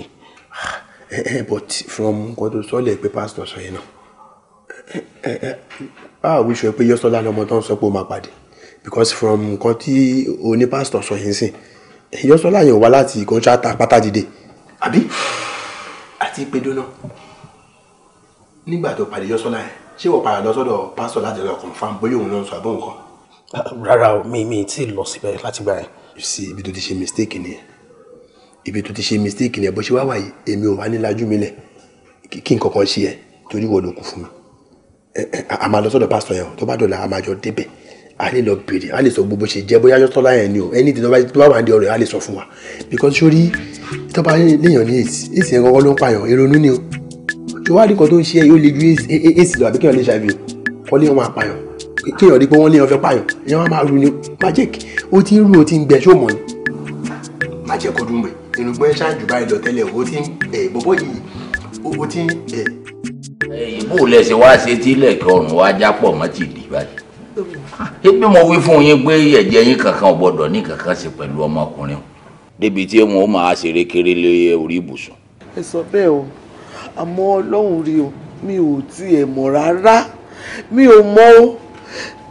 but from nǹkan tó sọ lẹ́ẹ̀pẹ́ pásítọ̀ sọ yẹn náà ẹ ẹ báwo wíṣọ pé Yọ́sọ́lá lọmọ tó ń sọ pé ó máa pàdé because from nǹkan tí oní pásítọ̀ sọ yẹn sìn Yọ́sọ́lá yẹn wá láti ìkan ṣáà ta pátá dìde àbí àti ìpèdónà nígbà tó pàdé yọ́sọ́lá yẹn ṣé wọ́n padà lọ sọ́dọ̀ pásítọ̀ láti lọ confirm bóyá òun náà sọ àbọ̀ nǹkan. rárá o mi mi ti lọ síbẹ̀ láti gbà yẹn. sí ibi tó ti ṣe mistake nìyẹn ibi tó ti ṣe mistake nìyẹn bó ṣe wá wáyé èmi ò wá ní lajú mi lẹ̀ kí n kankan ṣe ẹ torí wọ́n ló kù fún mi. a máa lọ yẹn tó bá dọ̀la a jọ débẹ̀ a lè lọ béèrè a lè sọ gbogbo ṣe jẹ́ bóyá yọ́tọ́lá yẹn ni o ẹni tí tó bá wà ní ọ̀rọ̀ yẹn a lè sọ fún wa because sórí tó bá léèyàn ní èsì èsì yẹn kọ́kọ́ ló ń pààyàn ìrònú ni o tó wá rí kan tó ń ṣe yóò lè ju èsì lọ àbí kéèyàn lè ṣàbí o kọ́ léèyàn máa pààyàn kéèyàn rí pé wọ́n léèyàn fẹ́ pààyàn èèyàn máa ru ni magic ó ti ń ru ó ti ń gbẹ ṣó mọ̀ ni má jẹ́ kó dùn mọ́ ìrùngbọ́n ṣáàjù báyìí lọ tẹ́lẹ̀ ó ti ń bọ́bọ́ yìí ó ti ń. ìbú lẹ̀ ṣe wá ṣe tí ilẹ̀ kọrùn wá jápọ̀ mọ́ ti ebi mo wí fún yín pé ẹ̀jẹ̀ yín kankan ò gbọ́dọ̀ ní kankan ṣe pẹ̀lú ọmọkùnrin débi tí wọn ó máa ṣeré kéré lé orí ibùsùn. ẹ sọ bẹ́ẹ̀ o àmọ́ ọlọ́run rí o mi ò tiẹ̀ mọ̀ rárá mi ò mọ̀ o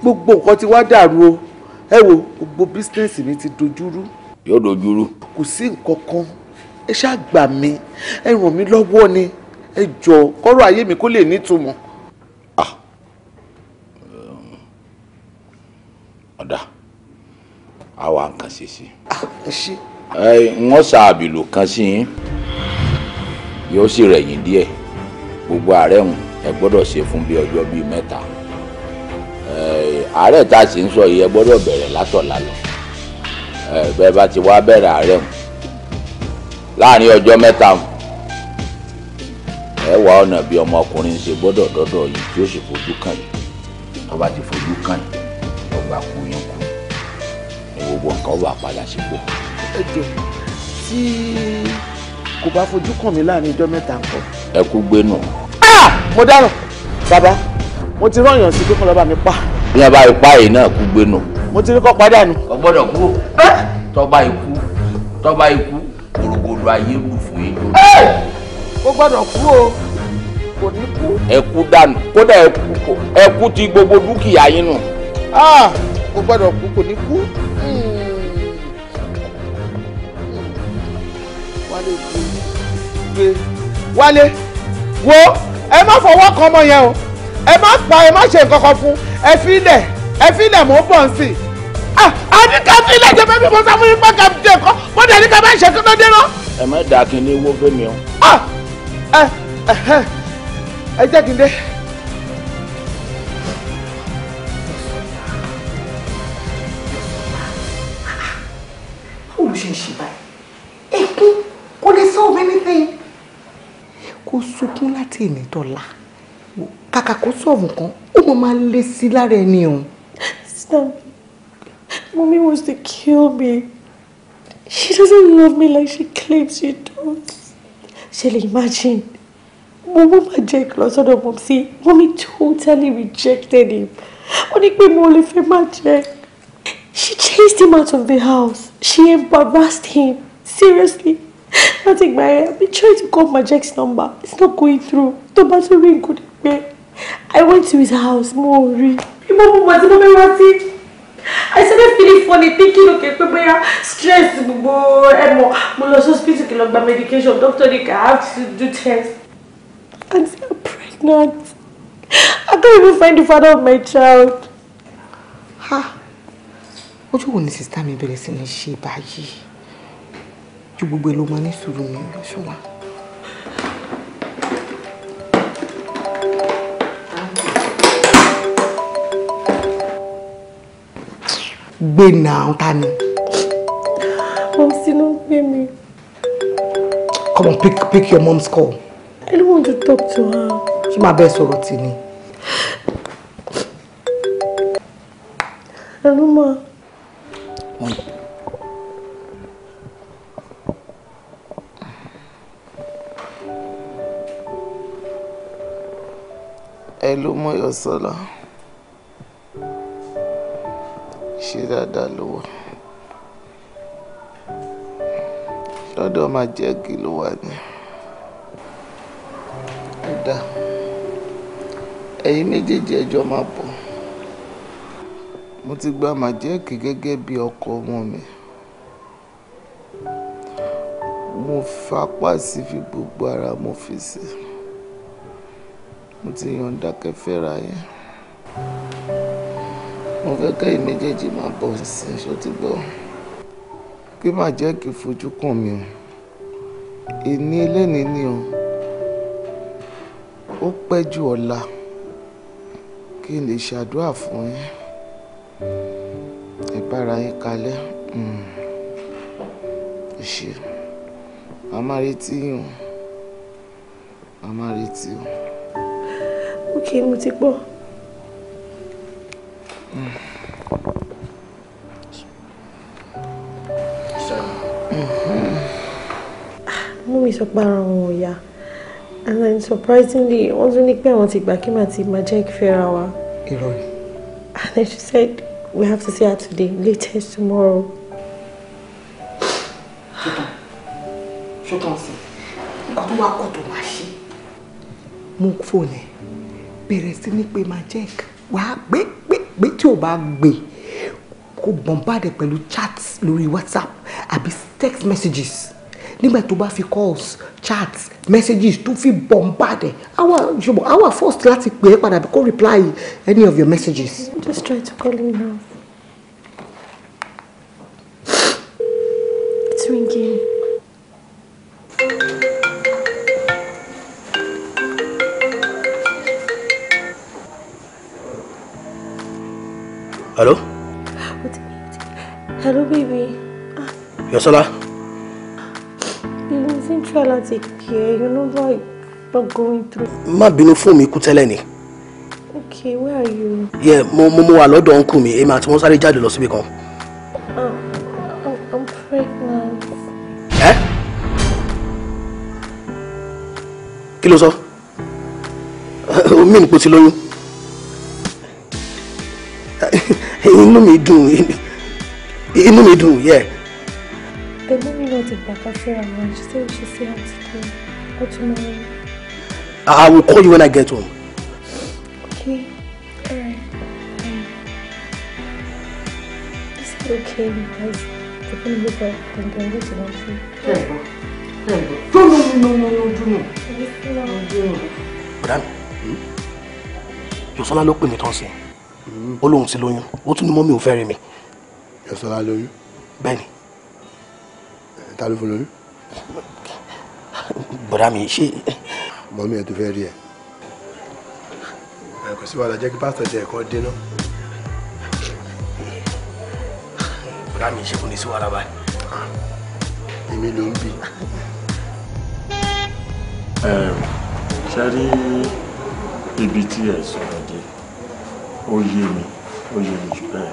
gbogbo nǹkan ti wá dàrú o ẹ wo gbogbo bísínẹ́sì mi ti dojúrú. yóò dojúrú. kò sí nǹkan kan ẹ ṣáà gbà mí ẹ ràn mí lọ́wọ́ ni ẹ jọ̀ọ́ kọ́rọ̀ ayé mi kó lè nítumọ̀. ọ̀dà àwa nǹkan ṣe sí. wọ́n ah, sa àbìlù kan sí yín yóò sì rẹ̀yìn díẹ̀ gbogbo àárẹ̀ hùn ẹ gbọ́dọ̀ ṣe fún bí ọjọ́ bíi mẹ́ta àárẹ̀ tá a sì ń sọ yìí ẹ gbọ́dọ̀ bẹ̀rẹ̀ látọ̀la lọ bẹ́ẹ̀ bá ti wá bẹ̀rẹ̀ àárẹ̀ hùn láàrin ọjọ́ mẹ́ta hùn ẹ wá ọ̀nà bí ọmọkùnrin ṣe gbọ́dọ̀ dọ́dọ̀ yìí tí ó sì fojú kàn yìí tó bá ti fojú kàn yìí gbogbo nǹkan wà padà sípò. ẹ jọ tí kò bá fojú kàn mí láàrin ijọ́ mẹ́ta nǹkan. ẹ kú gbé nù. Ah! mo dáràn bàbá mo ti rán èèyàn sí pé kó mi pa. bí wọ́n bá ipá yìí náà kú gbé nù. mo ti rí kọ́ padà nù. o gbọ́dọ̀ kú tọ́ba ikú tọ́ba ikú gbogbo ayé lù fún ijó. ó gbọ́dọ̀ kú o kò ní kú. ẹ kú dànù kódà ẹ kú ti gbogbo dúkìá yín nù. ó ah! gbọ́dọ̀ kú kò ní kú. Hmm. wálé wo ẹ má fọwọ́ kan ọmọ yẹn o ẹ má pa ẹ má ṣe nǹkan kan fún ẹ filẹ̀ ẹ filẹ̀ mò ń bọ̀ nsì. Ah, a ní ká filẹ̀ jẹ́ bẹ́ẹ̀ bí mo sá fún yín pàkà dé ẹ̀kọ́ mo dẹ̀ ní ká bá ń ṣe kí ló dé náà. ẹ má dà kí n ní wó fẹ́mi o. Ah, eh, eh, eh. ẹ jẹ́ kí n dé. tí dọ́là kàkà kó sọ̀rọ̀ kan ó mọ̀ máa lé sí lára ẹni òun. Mommy wants to kill me. She doesn't love me like she claims she does. Ṣe lè imagine? Mọ́mọ́ máa jẹ́ ìkìlọ̀ sọ́dọ̀ mọ́ sí Mommy totally rejected him. Ó ní pé mo lè fẹ́ máa jẹ́. She chased him out of the house. She embarrassed him. Seriously láti ìgbà yẹn I've been trying to call Majek's number it's not going through tó bá tún rí nǹkan I went to his house mo ò rí ìmọ̀ mo mọ̀ tí mo I started feeling funny thinking okay pé bóyá stress gbogbo ẹ mọ̀ also lọ sí hospital kí medication doctor ní ká I have to do tests. and I'm pregnant I can't even find the father of my child. Ha. ojú wo ni sista mi bẹ̀rẹ̀ sí ní ṣe báyìí ju gbogbo èlò máa ní sùúrù mi ṣọlá. gbé náà ta ni. mom sinu gbé mi. come on pick pick your mom's call. I don't want to talk to her. She my best sọ̀rọ̀ Hello, ma. Mọ́yọ̀sọ́lá ṣe dáadáa ló wà lọ́dọ̀ máa jẹ́ kí ló wà ní. ó dáa ẹ̀yin méjèèjì ẹjọ́ máa bọ̀ mo ti gba màjẹ́ẹ̀kì gẹ́gẹ́ bí ọkọ ọmọ mi mo fapá sí fi gbogbo ara mo fi sí i mo ti yọ̀ǹda kẹfẹ́ra yẹn mo fẹ́ kẹ́yìn méjèèjì máa bọ̀ sí ṣó ti gbọ́ pé má jẹ́ kí fojú kàn mí o ìní eléni ni o ó pẹ́ ju ọ̀la kí n lè ṣàdúrà fún yín ẹ bára yín kalẹ̀ hmm. ẹ ṣe màmá retí yín o màmá retí o okay mo ti gbọ́. mummy mm-hmm. sọ pé ara wọn ò yá and then surprisingly wọ́n tún ní pé àwọn ti gbà kí màá ti máa jẹ́ ìfẹ́ra wa. ìrọ̀lẹ́. and then she said we have to see her today latest tomorrow. ṣùtàn ṣùtàn sí i ọdún wa kò tó máa ṣe. mú fóònù ẹ̀ bẹ̀rẹ̀ sí ní pé majek wàá gbé gbé gbé tí ò bá gbé kó bombard pẹ̀lú chat lórí whatsapp àbí text messages nígbà tó bá fi calls chats messages tó fi bombard ẹ̀ àwa ṣùgbọ́n àwa first láti pè é padà kó reply any of your messages. I'm just try to call him now. It's ringing. hello. hello baby. Ah. Yọ̀sọ́lá. Bílú ti ń try láti pè é, you know why I'm going through. Ma, bínú fún mi kú tẹ́lẹ̀ ni. Okay, where are you? Yeah, mo mo mo wà uncle. ọ̀nkù mi, èmi àti wọn sáré jáde lọ síbi kan. Ah, I'm pregnant. Eh? kí ló sọ? Omi <coughs> ìpò ti lóyún. inú mi dùn inú mi dùn yẹ. pẹ̀lú mi náà ti gbàgbọ́ fẹ́ra wọn she say she say how to do I will call you when I get home. Okay. All right. Is it okay because the phone is over and they're going to want you? No, no, no, no, no, do not. No, do not. Madam, Yosola ló pè mí tán sí i ó lóun ti lóyún ó tún ní mọ́mí ò fẹ́ rí mi. Yọ̀sọ́lá lóyún. bẹ́ẹ̀ni. ta ló fún lóyún. bọ̀dá mi ṣe. mọ́mí ẹ̀ tó fẹ́ rí ẹ̀. ẹ kò sí wàhálà jẹ́ kí pásítọ̀ ṣe ẹ̀kọ́ dé náà. bọ̀dá mi ṣe kò ní sí wàhálà báyìí. èmi ló ń bì. ṣe rí ibi tí ẹ sọ̀rọ̀ dé ó yé mi ó yé mi jù bẹ́ẹ̀.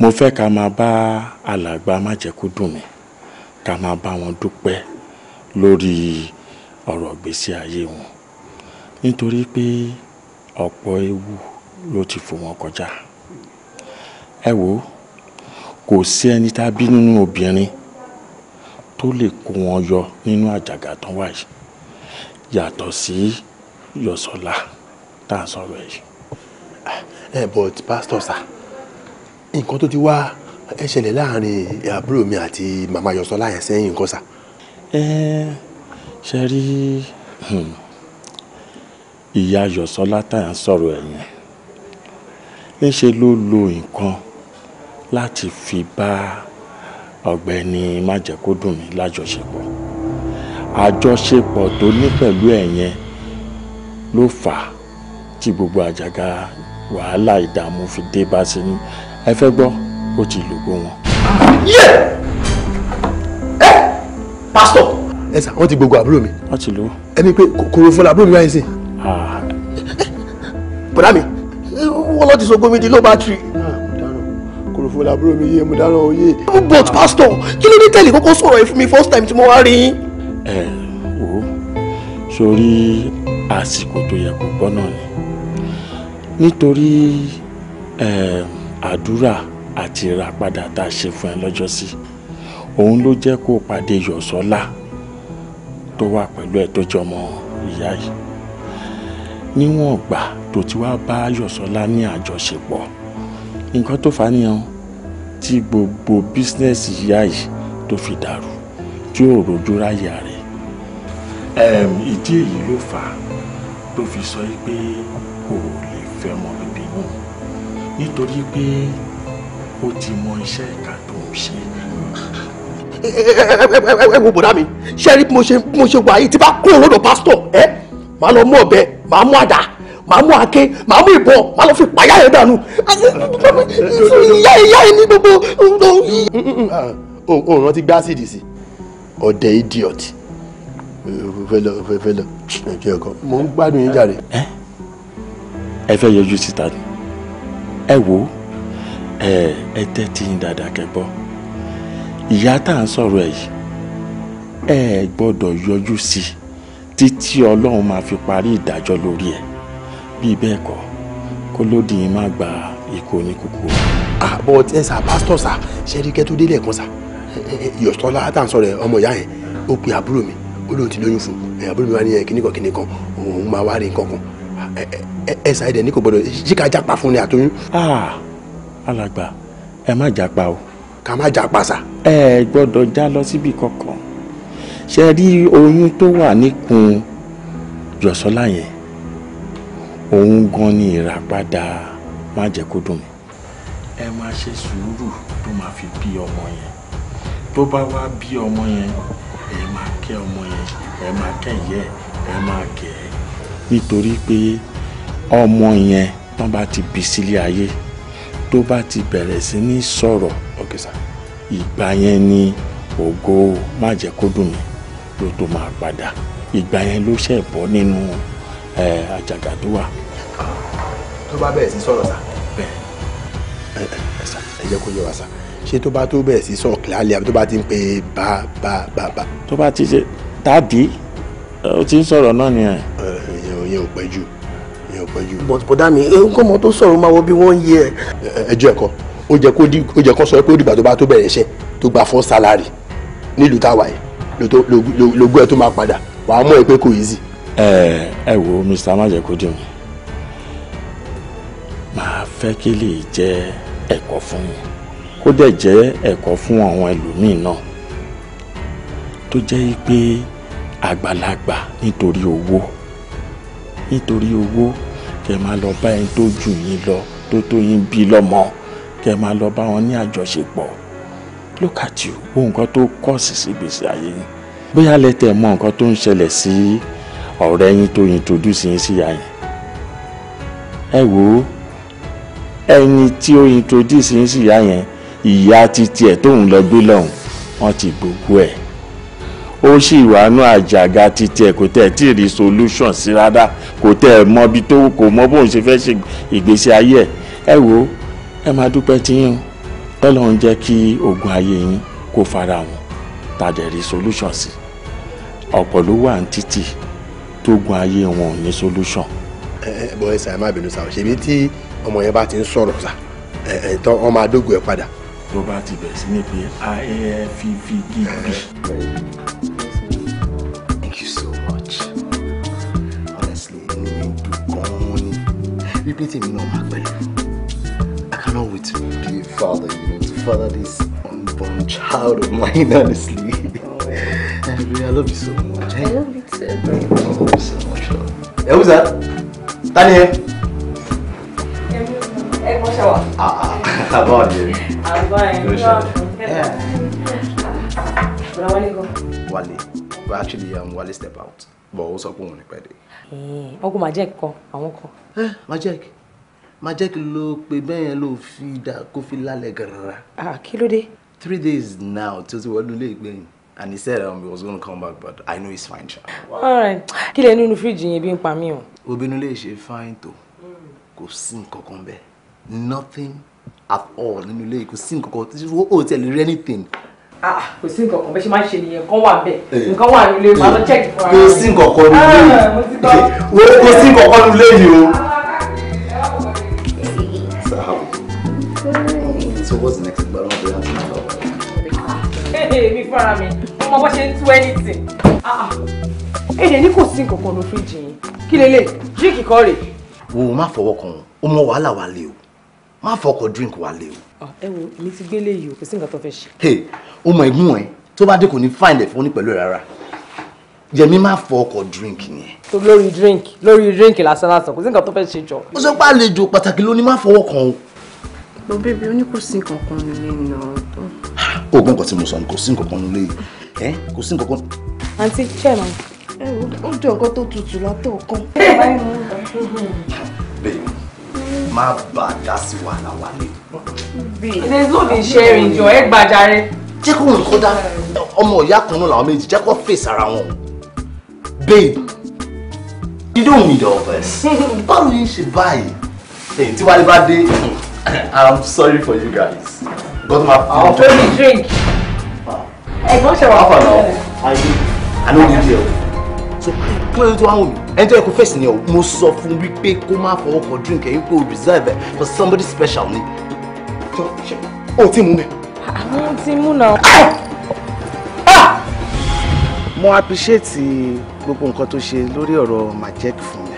mo fẹ́ ká máa bá alàgbà májẹ̀kúdùn mi ká máa bá wọn dúpẹ́ lórí ọ̀rọ̀ gbèsè ayé wọn nítorí pé ọ̀pọ̀ ewu ló ti fò wọ́n kọjá ẹ wò kò sí ẹni tá a bí nínú obìnrin tó lè kó wọn yọ nínú àjàgà tán wáyé yàtọ̀ sí yọ̀sọ̀la tá à sọ̀rọ̀ yìí ẹ eh, but pastor sir nǹkan tó ti wá ẹ ṣẹlẹ̀ láàrin àbúrò mi àti màmá Yọ̀sọ́lá yẹn sẹ́yìn nǹkan sà. ẹ ṣe rí hmm, ìyá Yọ̀sọ́lá tá à ń sọ̀rọ̀ ẹ̀ yẹn níṣẹ́ ló lo nǹkan láti fi bá ọ̀gbẹ́ni májẹ̀kódùnmí lájọṣepọ̀ àjọṣepọ̀ tó ní pẹ̀lú ẹ̀yẹn ló fà á tí gbogbo àjàgà wàhálà ìdààmú fi dé bá ṣe ní ẹ fẹ́ gbọ́ ó ti lògbó wọn. yé ẹ pásítọ̀. ẹ sà wọ́n ti gbogbo àbúrò mi. wọ́n ti lò ó. ẹni pé kòrò fún àbúrò mi wáyé sí. Ah. bọ̀dá mi wọ́n lọ ti sọ gómìnà ló bá tiri kòròfò làbúrò mi yé mo dáná oyè. but ah. pastor kí ló dé tẹ̀lé kókó sọ̀rọ̀ yìí fún mi first time tí mo wá rí yín. ẹ wo sórí àsìkò tó yẹ kó gbọ́ náà ni nítorí eh, àdúrà àti ìràpadà tá a ṣe fún ẹ lọ́jọ́sí òun ló jẹ́ kó pàdé Yọ̀sọ́lá tó wà pẹ̀lú ẹ̀ tó jọmọ ìyá yìí níwọ̀n ìgbà tó ti wá bá Yọ̀sọ́lá ní àjọṣepọ̀ nǹkan tó fà á nìyẹn tí gbogbo bísínẹ́sì ìyá yìí tó fi dàrú tí ò rojú ráyà rẹ̀ ìdí èyí ló fà á tó fi sọ pé kò lè fẹ́ ọmọ bíbí wù nítorí pé ó ti mọ iṣẹ́ ìka tó ń ṣe. ẹ wo bọ̀dá mi ṣé rí bí mo ṣe wà yìí tí bá kúrò lọ́dọ̀ pásítọ̀ ẹ màá lọ mú ọ̀bẹ màá mú àdá màá mú àáké màá mú ìbọn màá lọ fi pàyà ẹ̀ dànù ìyá ìyá ẹ̀ ní gbogbo. òun rántí gbásìdì sí ọ̀dẹ̀ idiot fẹlẹ fẹlẹ ẹjẹ ẹkọ mo ń gbádùn yín jàre ẹ fẹ́ yọjú síta ni ẹ wò ẹ ẹ tẹ́tí yín dáadáa kẹ́gbọ́ ìyá tá à ń sọ̀rọ̀ ẹ̀ yìí ẹ gbọ́dọ̀ yọjú sí i títí ọlọ́run máa fi parí ìdájọ́ lórí ẹ̀ bí bẹ́ẹ̀ kọ́ kó lódì yín má gba ikú oníkùkù. àbọ̀ ah, ẹ sà pásítọ̀ sà ṣẹ́rí kẹ́tù délẹ̀ kan sà yọ̀sọ́lá tá à ń sọ̀rọ̀ ọmọ ìyá yẹn ó pe àbúrò mi ó lóun ti lóyún fún àbúrò mi wá ní kíníkan kíníkan òun máa wá rí nǹkan kan ẹsà ẹdẹ ní kò gbọdọ̀ ṣíkà jápa fún ni àtúnyún. alàgbà ẹ má jápa o. ká má jápa sà. ẹ gbọ́dọ̀ já lọ síbi kankan ṣe rí oyún tó wà níkùn jọ̀sọ́lá yẹn òun gan ni ìràpadà má jẹ́ kó dùn mí. ẹ máa ṣe sùúrù tó máa fi bí ọmọ yẹn tó bá wá bí ọmọ yẹn ẹ máa kẹ́ ọmọ yẹn ẹ máa kẹ́ ìyẹ́ ẹ máa kẹ́ nítorí pé ọmọ yẹn tán bá ti bí sílé ayé tó bá ti bẹ̀rẹ̀ sí ní sọ̀rọ̀ ọ̀gẹ̀sà ìgbà yẹn ni ògo má jẹ́ kó dùn mí ló tó máa padà ìgbà yẹn ló ṣẹ̀ bọ́ nínú àjàgà tó wà. tó bá bẹ̀rẹ̀ sí sọ̀rọ̀ sá ẹ jẹ́ kó yé wa sá ṣé tó bá tó bẹ̀rẹ̀ sí sọ̀rọ̀ kílálẹ̀ àbí tó bá ti ń pe bá bá bá tó bá ti ṣe dádì ó ti ń sọ̀rọ̀ náà nìyẹn yẹn ò pẹ́ yẹn ò pẹ́ but bọ̀dá mi nǹkan ọmọ tó sọ̀rọ̀ máa wọ bí wọ́n yẹ. ẹjọ́ ẹ̀kọ́ ó jẹ́ kó di ó jẹ́ kó sọ pé ó dìgbà tó bá tó bẹ̀rẹ̀ iṣẹ́ tó gba fún sálárì nílùú táwa yìí lógún ẹ tó máa padà wàá mọ̀ ẹ pé kò easy. ẹ ẹ wo mr májèkúdì mi màá fẹ́ kí lè jẹ́ ẹ̀kọ́ fún mi kó dẹ̀ jẹ́ ẹ̀kọ́ fún àwọn ẹlòmíín náà tó jẹ́ pé àgbàlagbà nítorí owó nítorí owó kẹ máa lọ bá ẹni tó jù yín lọ tó tó yín bí lọ́mọ kẹ máa lọ bá wọn ní àjọṣepọ̀ look at you wo nǹkan tó kọ́ọ̀sì sí gbèsè ayé yín bóyá lẹ tẹ̀ mọ̀ nǹkan tó ń ṣẹlẹ̀ sí ọ̀rẹ́ yín tó introduce yín sí ìyá yín ẹ wò ó ẹni tí ó introduce yín sí yẹn ìyá titi ẹ̀ tóun lọ gbé lọ́hùn wọ́n ti gbogbo ẹ̀ ó sì wánú àjàgà títí ẹ̀ kò tẹ̀ tí ì rí solution sí rárá kò tẹ̀ mọ ibi tó kò mọ bóun ṣe fẹ́ ṣe ìgbésí ayé ẹ̀ ẹ wo ẹ máa dúpẹ́ tí yín ọlọ́run jẹ́ kí ogun ayé yín kó fara wọn tàdé rí solution sí ọ̀pọ̀ ló wà ní títì tógun ayé wọn ò ní solution. ẹ ẹ bọ ẹ sàmà bínú sàmà ṣèbí tí ọmọ yẹn bá ti ń sọ̀rọ̀ sà ẹ ẹ tán ọmọ ẹ padà. tó bá ti bẹ̀rẹ̀ sí ní pé aẹ́ẹ́ e, wípé tèmi náà wà pẹ̀lú I cannot wait to be a father you know to father this unborn child of mine <laughs> honestly and oh, really I love you so much. I love you too. I love you so much. Ẹ who's that? Tani ẹ. Ẹ Ah, ṣe wà. Àbá ọ̀dẹ̀ mi. Àbá ẹ̀ Where are you going? Wálé but actually um, Wale step out but ó sọ pé òun ní pẹ́ dé. ọgùn majek kan àwọn kan. ẹ eh, majek majek ló pe bẹ́ẹ̀ yẹn ló fi ah kí ló three days now tí ó ti wọlé ilé and he said um, he was to come back but I know he's fine. Wow. alright kí lè nínú fíríjì yẹn bí n pa mí fine too. kò sí nǹkan kan nothing at all nínú ilé kò sí nǹkan kan ó tiẹ̀ lè anything Ah, kò sí nǹkan kan bẹ́ẹ̀ ṣe máa ń ṣe nìyẹn kan wà bẹ́ẹ̀ eh, nǹkan wà nílé màá lọ check fún ara rẹ. kò sí nǹkan kan nílé yìí ah, eh, kò sí nǹkan kan nílé yìí o. So what's the next thing? But I don't know the answer. Hey, mi fara mi, ọmọ bó ṣe ń tú anything. Èdè ah, eh, ní kò sí nǹkan kan ló fi jìn yín. Kí lélẹ̀, jíìkì kan rè. Wo má fọwọ́ kan o, ó mọ wàhálà wa lé o má fọkọ̀ drink wálé o. Ah, ẹ wo èmi ti gbélé yìí o kò sí nǹkan tó fẹ́ ṣe. hey o mọ ẹ̀gbọ́n ẹ tó bá dé kò ní find ẹ fún ní pẹ̀lú rárá yẹmi má fọkọ̀ drink yẹn. tó lórí drink lórí drink lásán lásán kò sí nǹkan tó fẹ́ ṣe jọ. ó sọ pé àlejò pàtàkì ló ní má fọwọ́ kan o. lọ bébí oníkùsí kankan nílé nà tó. oògùn nǹkan tí mo sọ ni kò sí nǹkan kan nílé ẹ kò sí nǹkan kan. àǹtí chairman ẹ wo ó jọ má bàa dá sí wàhálà wálé. there's no been sharing jọ ẹ gbàjáre. Check kó wọn kó dá ọmọ ìyá kan náà Check what face around. babe you don't need all this <laughs> báwo ni ṣe báyìí ẹ̀yìn tí wálé bá dé i'm sorry for you guys god my fi ọjọ́ àwọn baby drink ah. ẹ̀gbọ́n ṣe wà fún mi. i know the deal kí ló dé tó mí ẹni tó yẹ kó fèsì ni ọ mo sọ fún wípé kó má fọwọ́ kọ drink ẹ̀yìn pé reserve ẹ̀ for somebody special ni. o ti mú mi. mo ti mú náà. Ah! mo appreciate gbogbo nǹkan tó ṣe lórí ọ̀rọ̀ majek fún mi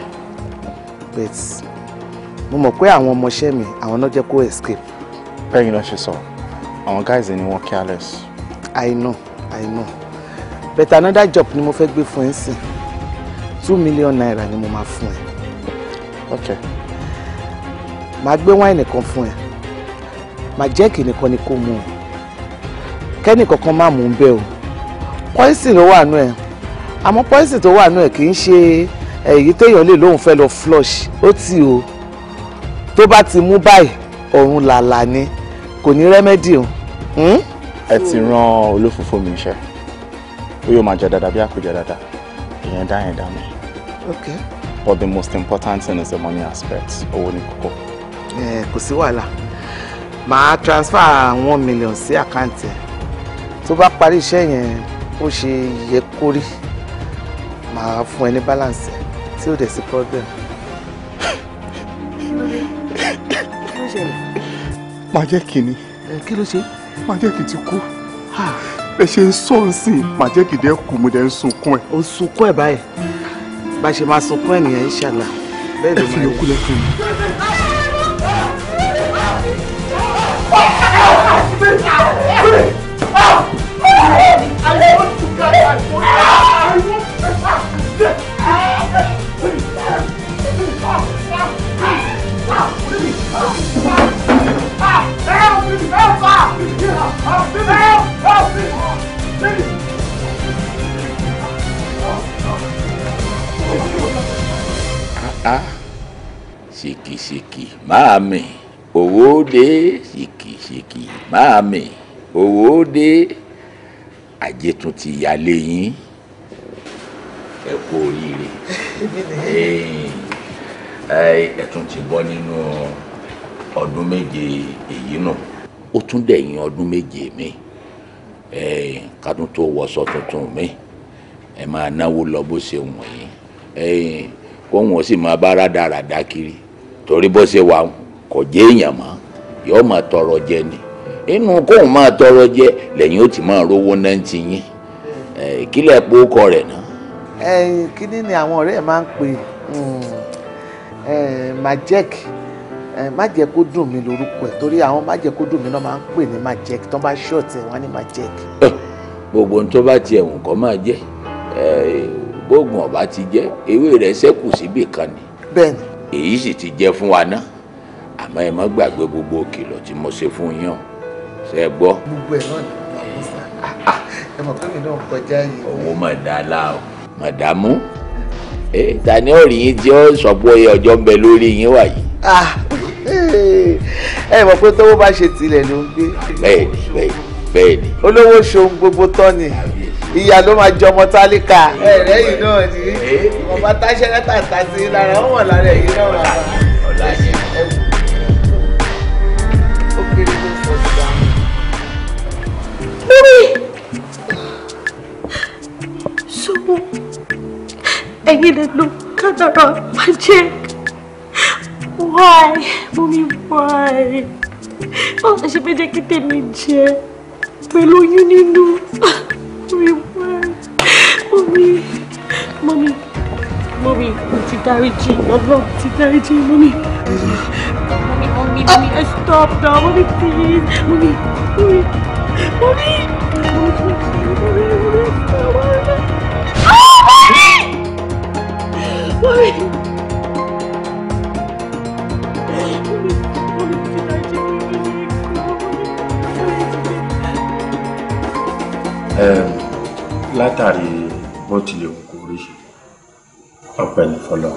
but mo mọ̀ pé àwọn ọmọọṣẹ́ mi àwọn náà jẹ́ kó escape. bẹ́ẹ̀ ni ṣe sọ àwọn guys ni wọ́n careless. i know i know but another job ni mo fẹ́ gbé fún ẹ̀ sìn two million naira ni mo máa fún ẹ. ok. màá gbé wáìnì kan fún ẹ màá jẹ́ kí nìkan ni kó mu o kẹ́nì kankan má mú un bẹ́ẹ̀ o pọ́ìsì lo wà nú ẹ̀ àmọ́ pọ́ìsì tó wà nú ẹ̀ kì í ṣe èyí téèyàn lè lóun fẹ́ lọ flush ó tì o tó bá ti mú báyìí ọ̀run làlà ni kò ní rẹ́mẹ́dì o. Hmm? ẹ ti rán olófòfò mi iṣẹ́ ó yóò máa jẹ dáadáa bí àkójọ dáadáa ìyẹn dá yẹn dá mi. Okay. But the most important thing is the money aspect. Owó ni kókó. Eh, kò sí wàhálà. Ma transfer one million si àkáǹtì ẹ̀. Tó bá parí iṣẹ́ yẹn, ó ṣe yẹ kó rí. Màá fún ẹ balance ẹ̀ tí ó dẹ̀ sí problem. Kí ló ṣẹlẹ̀? Màá jẹ́ kínní. Kí Ma ṣe? Màá jẹ́ kí n ti kú ah. ẹ ṣe ń sọ ń sìn màá jẹ́ kìdẹ́ mo dẹ̀ ń sunkún o sunkún ẹ̀ báyìí bá ṣe máa sunkún ènìyàn ìṣàlà bẹ́ẹ̀ ló máa yọkú lẹ́kùn Ah! á ṣèkìṣèkì máa mì owó dé ṣèkìṣèkì máa mì owó dé ajé tún ti yálé yín ẹ kú oríire ẹ tún ti bọ́ nínú ọdún méje èyí náà ó tún dẹ̀yìn ọdún méje mi ká tún tó wọṣọ tuntun mi ẹ máa náwó lọ bó ṣe wọ̀nyí kó wọn sì máa bá rádaràda kiri torí bó ṣe wà kò jẹ́ èèyàn mọ́ yóò máa tọrọ jẹ ni inú kóun máa tọrọ jẹ lẹ́yìn ó ti máa rówó náà ti yín kílẹ̀ pé ó kọ rẹ̀ náà. ẹ kíní ni àwọn ọ̀rẹ́ ẹ̀ máa ń pè hmm. ẹ majek kó dùn mí lórúkọ ẹ̀ torí àwọn májẹ̀ kó dùn mí náà máa ń pè ní majek tó bá ṣọ̀tì ẹ̀ wọ́n ní majek. gbogbo ohun tó bá tiẹ̀ wù kọ́ máa jẹ́ bóògùn ọba ti jẹ ewé rẹ̀ ṣẹ́kù síbì kan ni. bẹ́ẹ̀ni. èyí sì ti jẹ fún wa ná àmọ́ ẹ má gbàgbé gbogbo òkìlọ̀ tí mo ṣe fún yín ṣe gbọ́. gbogbo ẹ náà ni bàbá sá ẹ mọ̀ pé mi náà kọjá yìí. òun mọ̀ dáadáa o màdàmú ta ni ó rí yín tí ó sọ pé ọjọ́ ń bẹ lórí yín wà yìí. Ah, <laughs> ẹ mọ̀ pé tọ́wọ́ bá ṣe tilẹ̀ ló ń gbé. bẹ́ẹ̀ni bẹ́ẹ̀ni bẹ́ẹ̀ ni. olówó ṣohun gbogbo tán ni ìyá ló máa jọmọ tálíkà. ẹ lẹ́yìn náà ni eh? ọba táṣẹ́rẹ́ tàtà sí lára wọn wọ̀ lára èyí náà wà. Mami! So, ẹ̀yin lè lo kádàrá magic. Why? Mami, why? Báwo ṣe fẹ́ jẹ́ kí tèmi jẹ́? pẹ̀lú oyún nínú mi mọ́mí mọ́mí mọ́mí mo ti dáríjì ọlọ́run ti dáríjì mọ́mí mọ́mí mọ́mí mọ́mí ẹ stop now mọ́mí please mọ́mí mọ́mí mọ́mí mọ́mí mọ́mí mọ́mí mọ́mí. látàrí bó tilẹ̀ òun kò rí ọpẹ́ ní fọlọ́.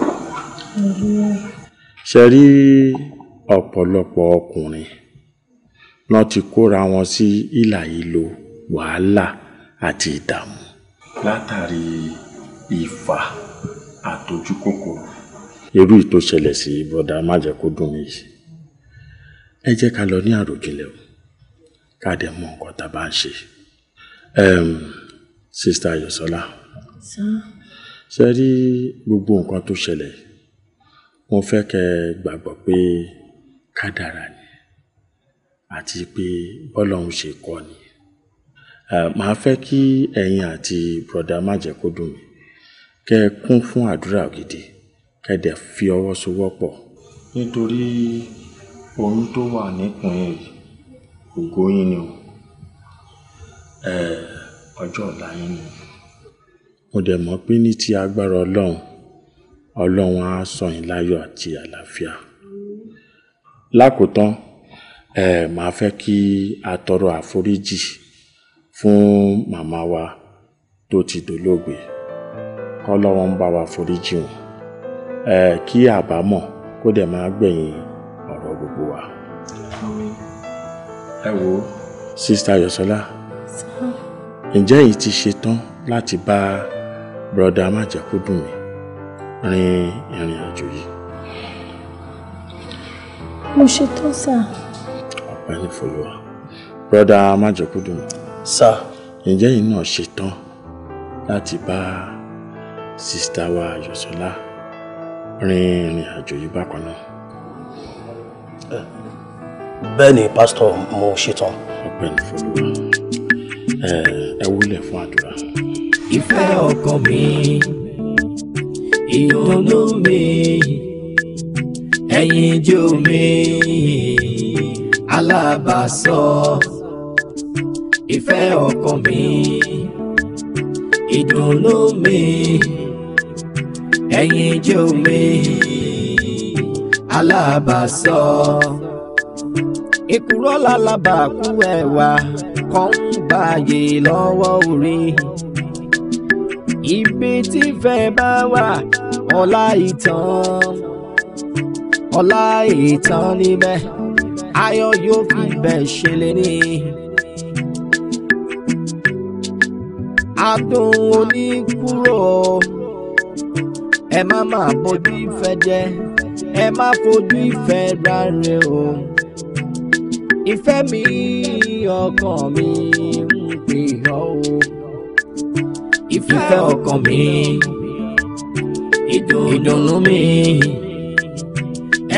ṣe rí ọ̀pọ̀lọpọ̀ ọkùnrin náà ti kóra wọn sí ìlà ìlò wàhálà àti ìdààmú. látàrí ìfà àtọjú kòkòrò. irú ìtò ṣẹlẹ̀ sí bọ́dà má jẹ́ kó dùn mí yìí ẹ jẹ́ ká lọ ní àròjinlẹ̀ o ká dẹ̀ mọ nǹkan tá a bá ń ṣe. Um, sista Ayọ̀sọ́lá ṣe rí gbogbo nǹkan tó ṣẹlẹ̀ mo fẹ́ kẹ́ ẹ gbàgbọ́ pé kádàrá ni àti pé bọ́lọ́hún ṣe kọ́ ni màá fẹ́ kí ẹ̀yin àti bùrọ̀dá májẹ̀kódùn mi kẹ́ ẹ kún fún àdúrà gidi kẹ́ ẹ dẹ̀ fi ọwọ́ sowọ́pọ̀ nítorí oyún tó wà nípìn ògo yín ni o ọjọ́ ọ̀la yín ni mo dẹ̀ mọ̀ pé ní ti agbára ọlọ́run ọlọ́run á sọ yín láyọ̀ àti àlàáfíà lákòótán ẹ máa fẹ́ kí a tọrọ àforíjì fún màmá wa tó ti dolóògbé kọ́lọ́run ń bá wa foríjì wọn ẹ kí àbámọ̀ kó dẹ̀ máa gbẹ̀yìn ọ̀rọ̀ gbogbo wa. ẹ wo sista Yọ̀sọ́lá. Sir ǹjẹ́ èyí ti ṣetán láti bá bọ́dà májẹ̀kúdùn mi rin ìrìn àjò yìí. mo ṣetán sá. ọ̀pẹ ní folúwa bọ́dà májẹ̀kúdùn mi. sá. ǹjẹ́ èyí náà ṣetán láti bá sista wa Ayọ̀ṣọlá rin ìrìn àjò yìí bákan náà. bẹ́ẹ̀ ni pásítọ̀ mo ṣetán. ọ̀pẹ ní folúwa ẹ wúlẹ̀ fún àdúrà. ìfẹ́ ọkàn mi ìyọ́nú mi ẹ̀yin ijó mi alábàásọ ìfẹ́ ọkàn mi ìdùnnú mi ẹ̀yin ijó mi alábàásọ èkúrọ́ làlábàákú ẹ̀wà. E kan ń gbààyè lọ́wọ́ orí. ibi tífẹ̀ bá wà ọlá ìtàn ọlá ìtàn níbẹ̀ ayọ̀ yóò fi bẹ̀ ṣe lé ní. adùn oníkúrò ẹ má má bójú ìfẹ́ jẹ ẹ má fojú ìfẹ́ rárẹ̀ o ìfẹ́ mi ọkàn mi ń pè ọ́ o ìfẹ́ ọkàn mi ìdùnnú mi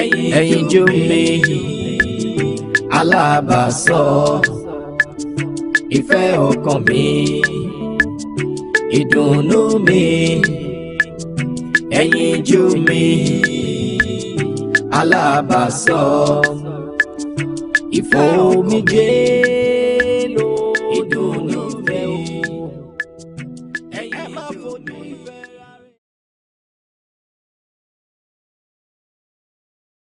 ẹ̀yìn jó mi alábàásọ ìfẹ́ ọkàn mi ìdùnnú mi ẹ̀yìn jó mi alábàásọ ìfẹ́ omijé.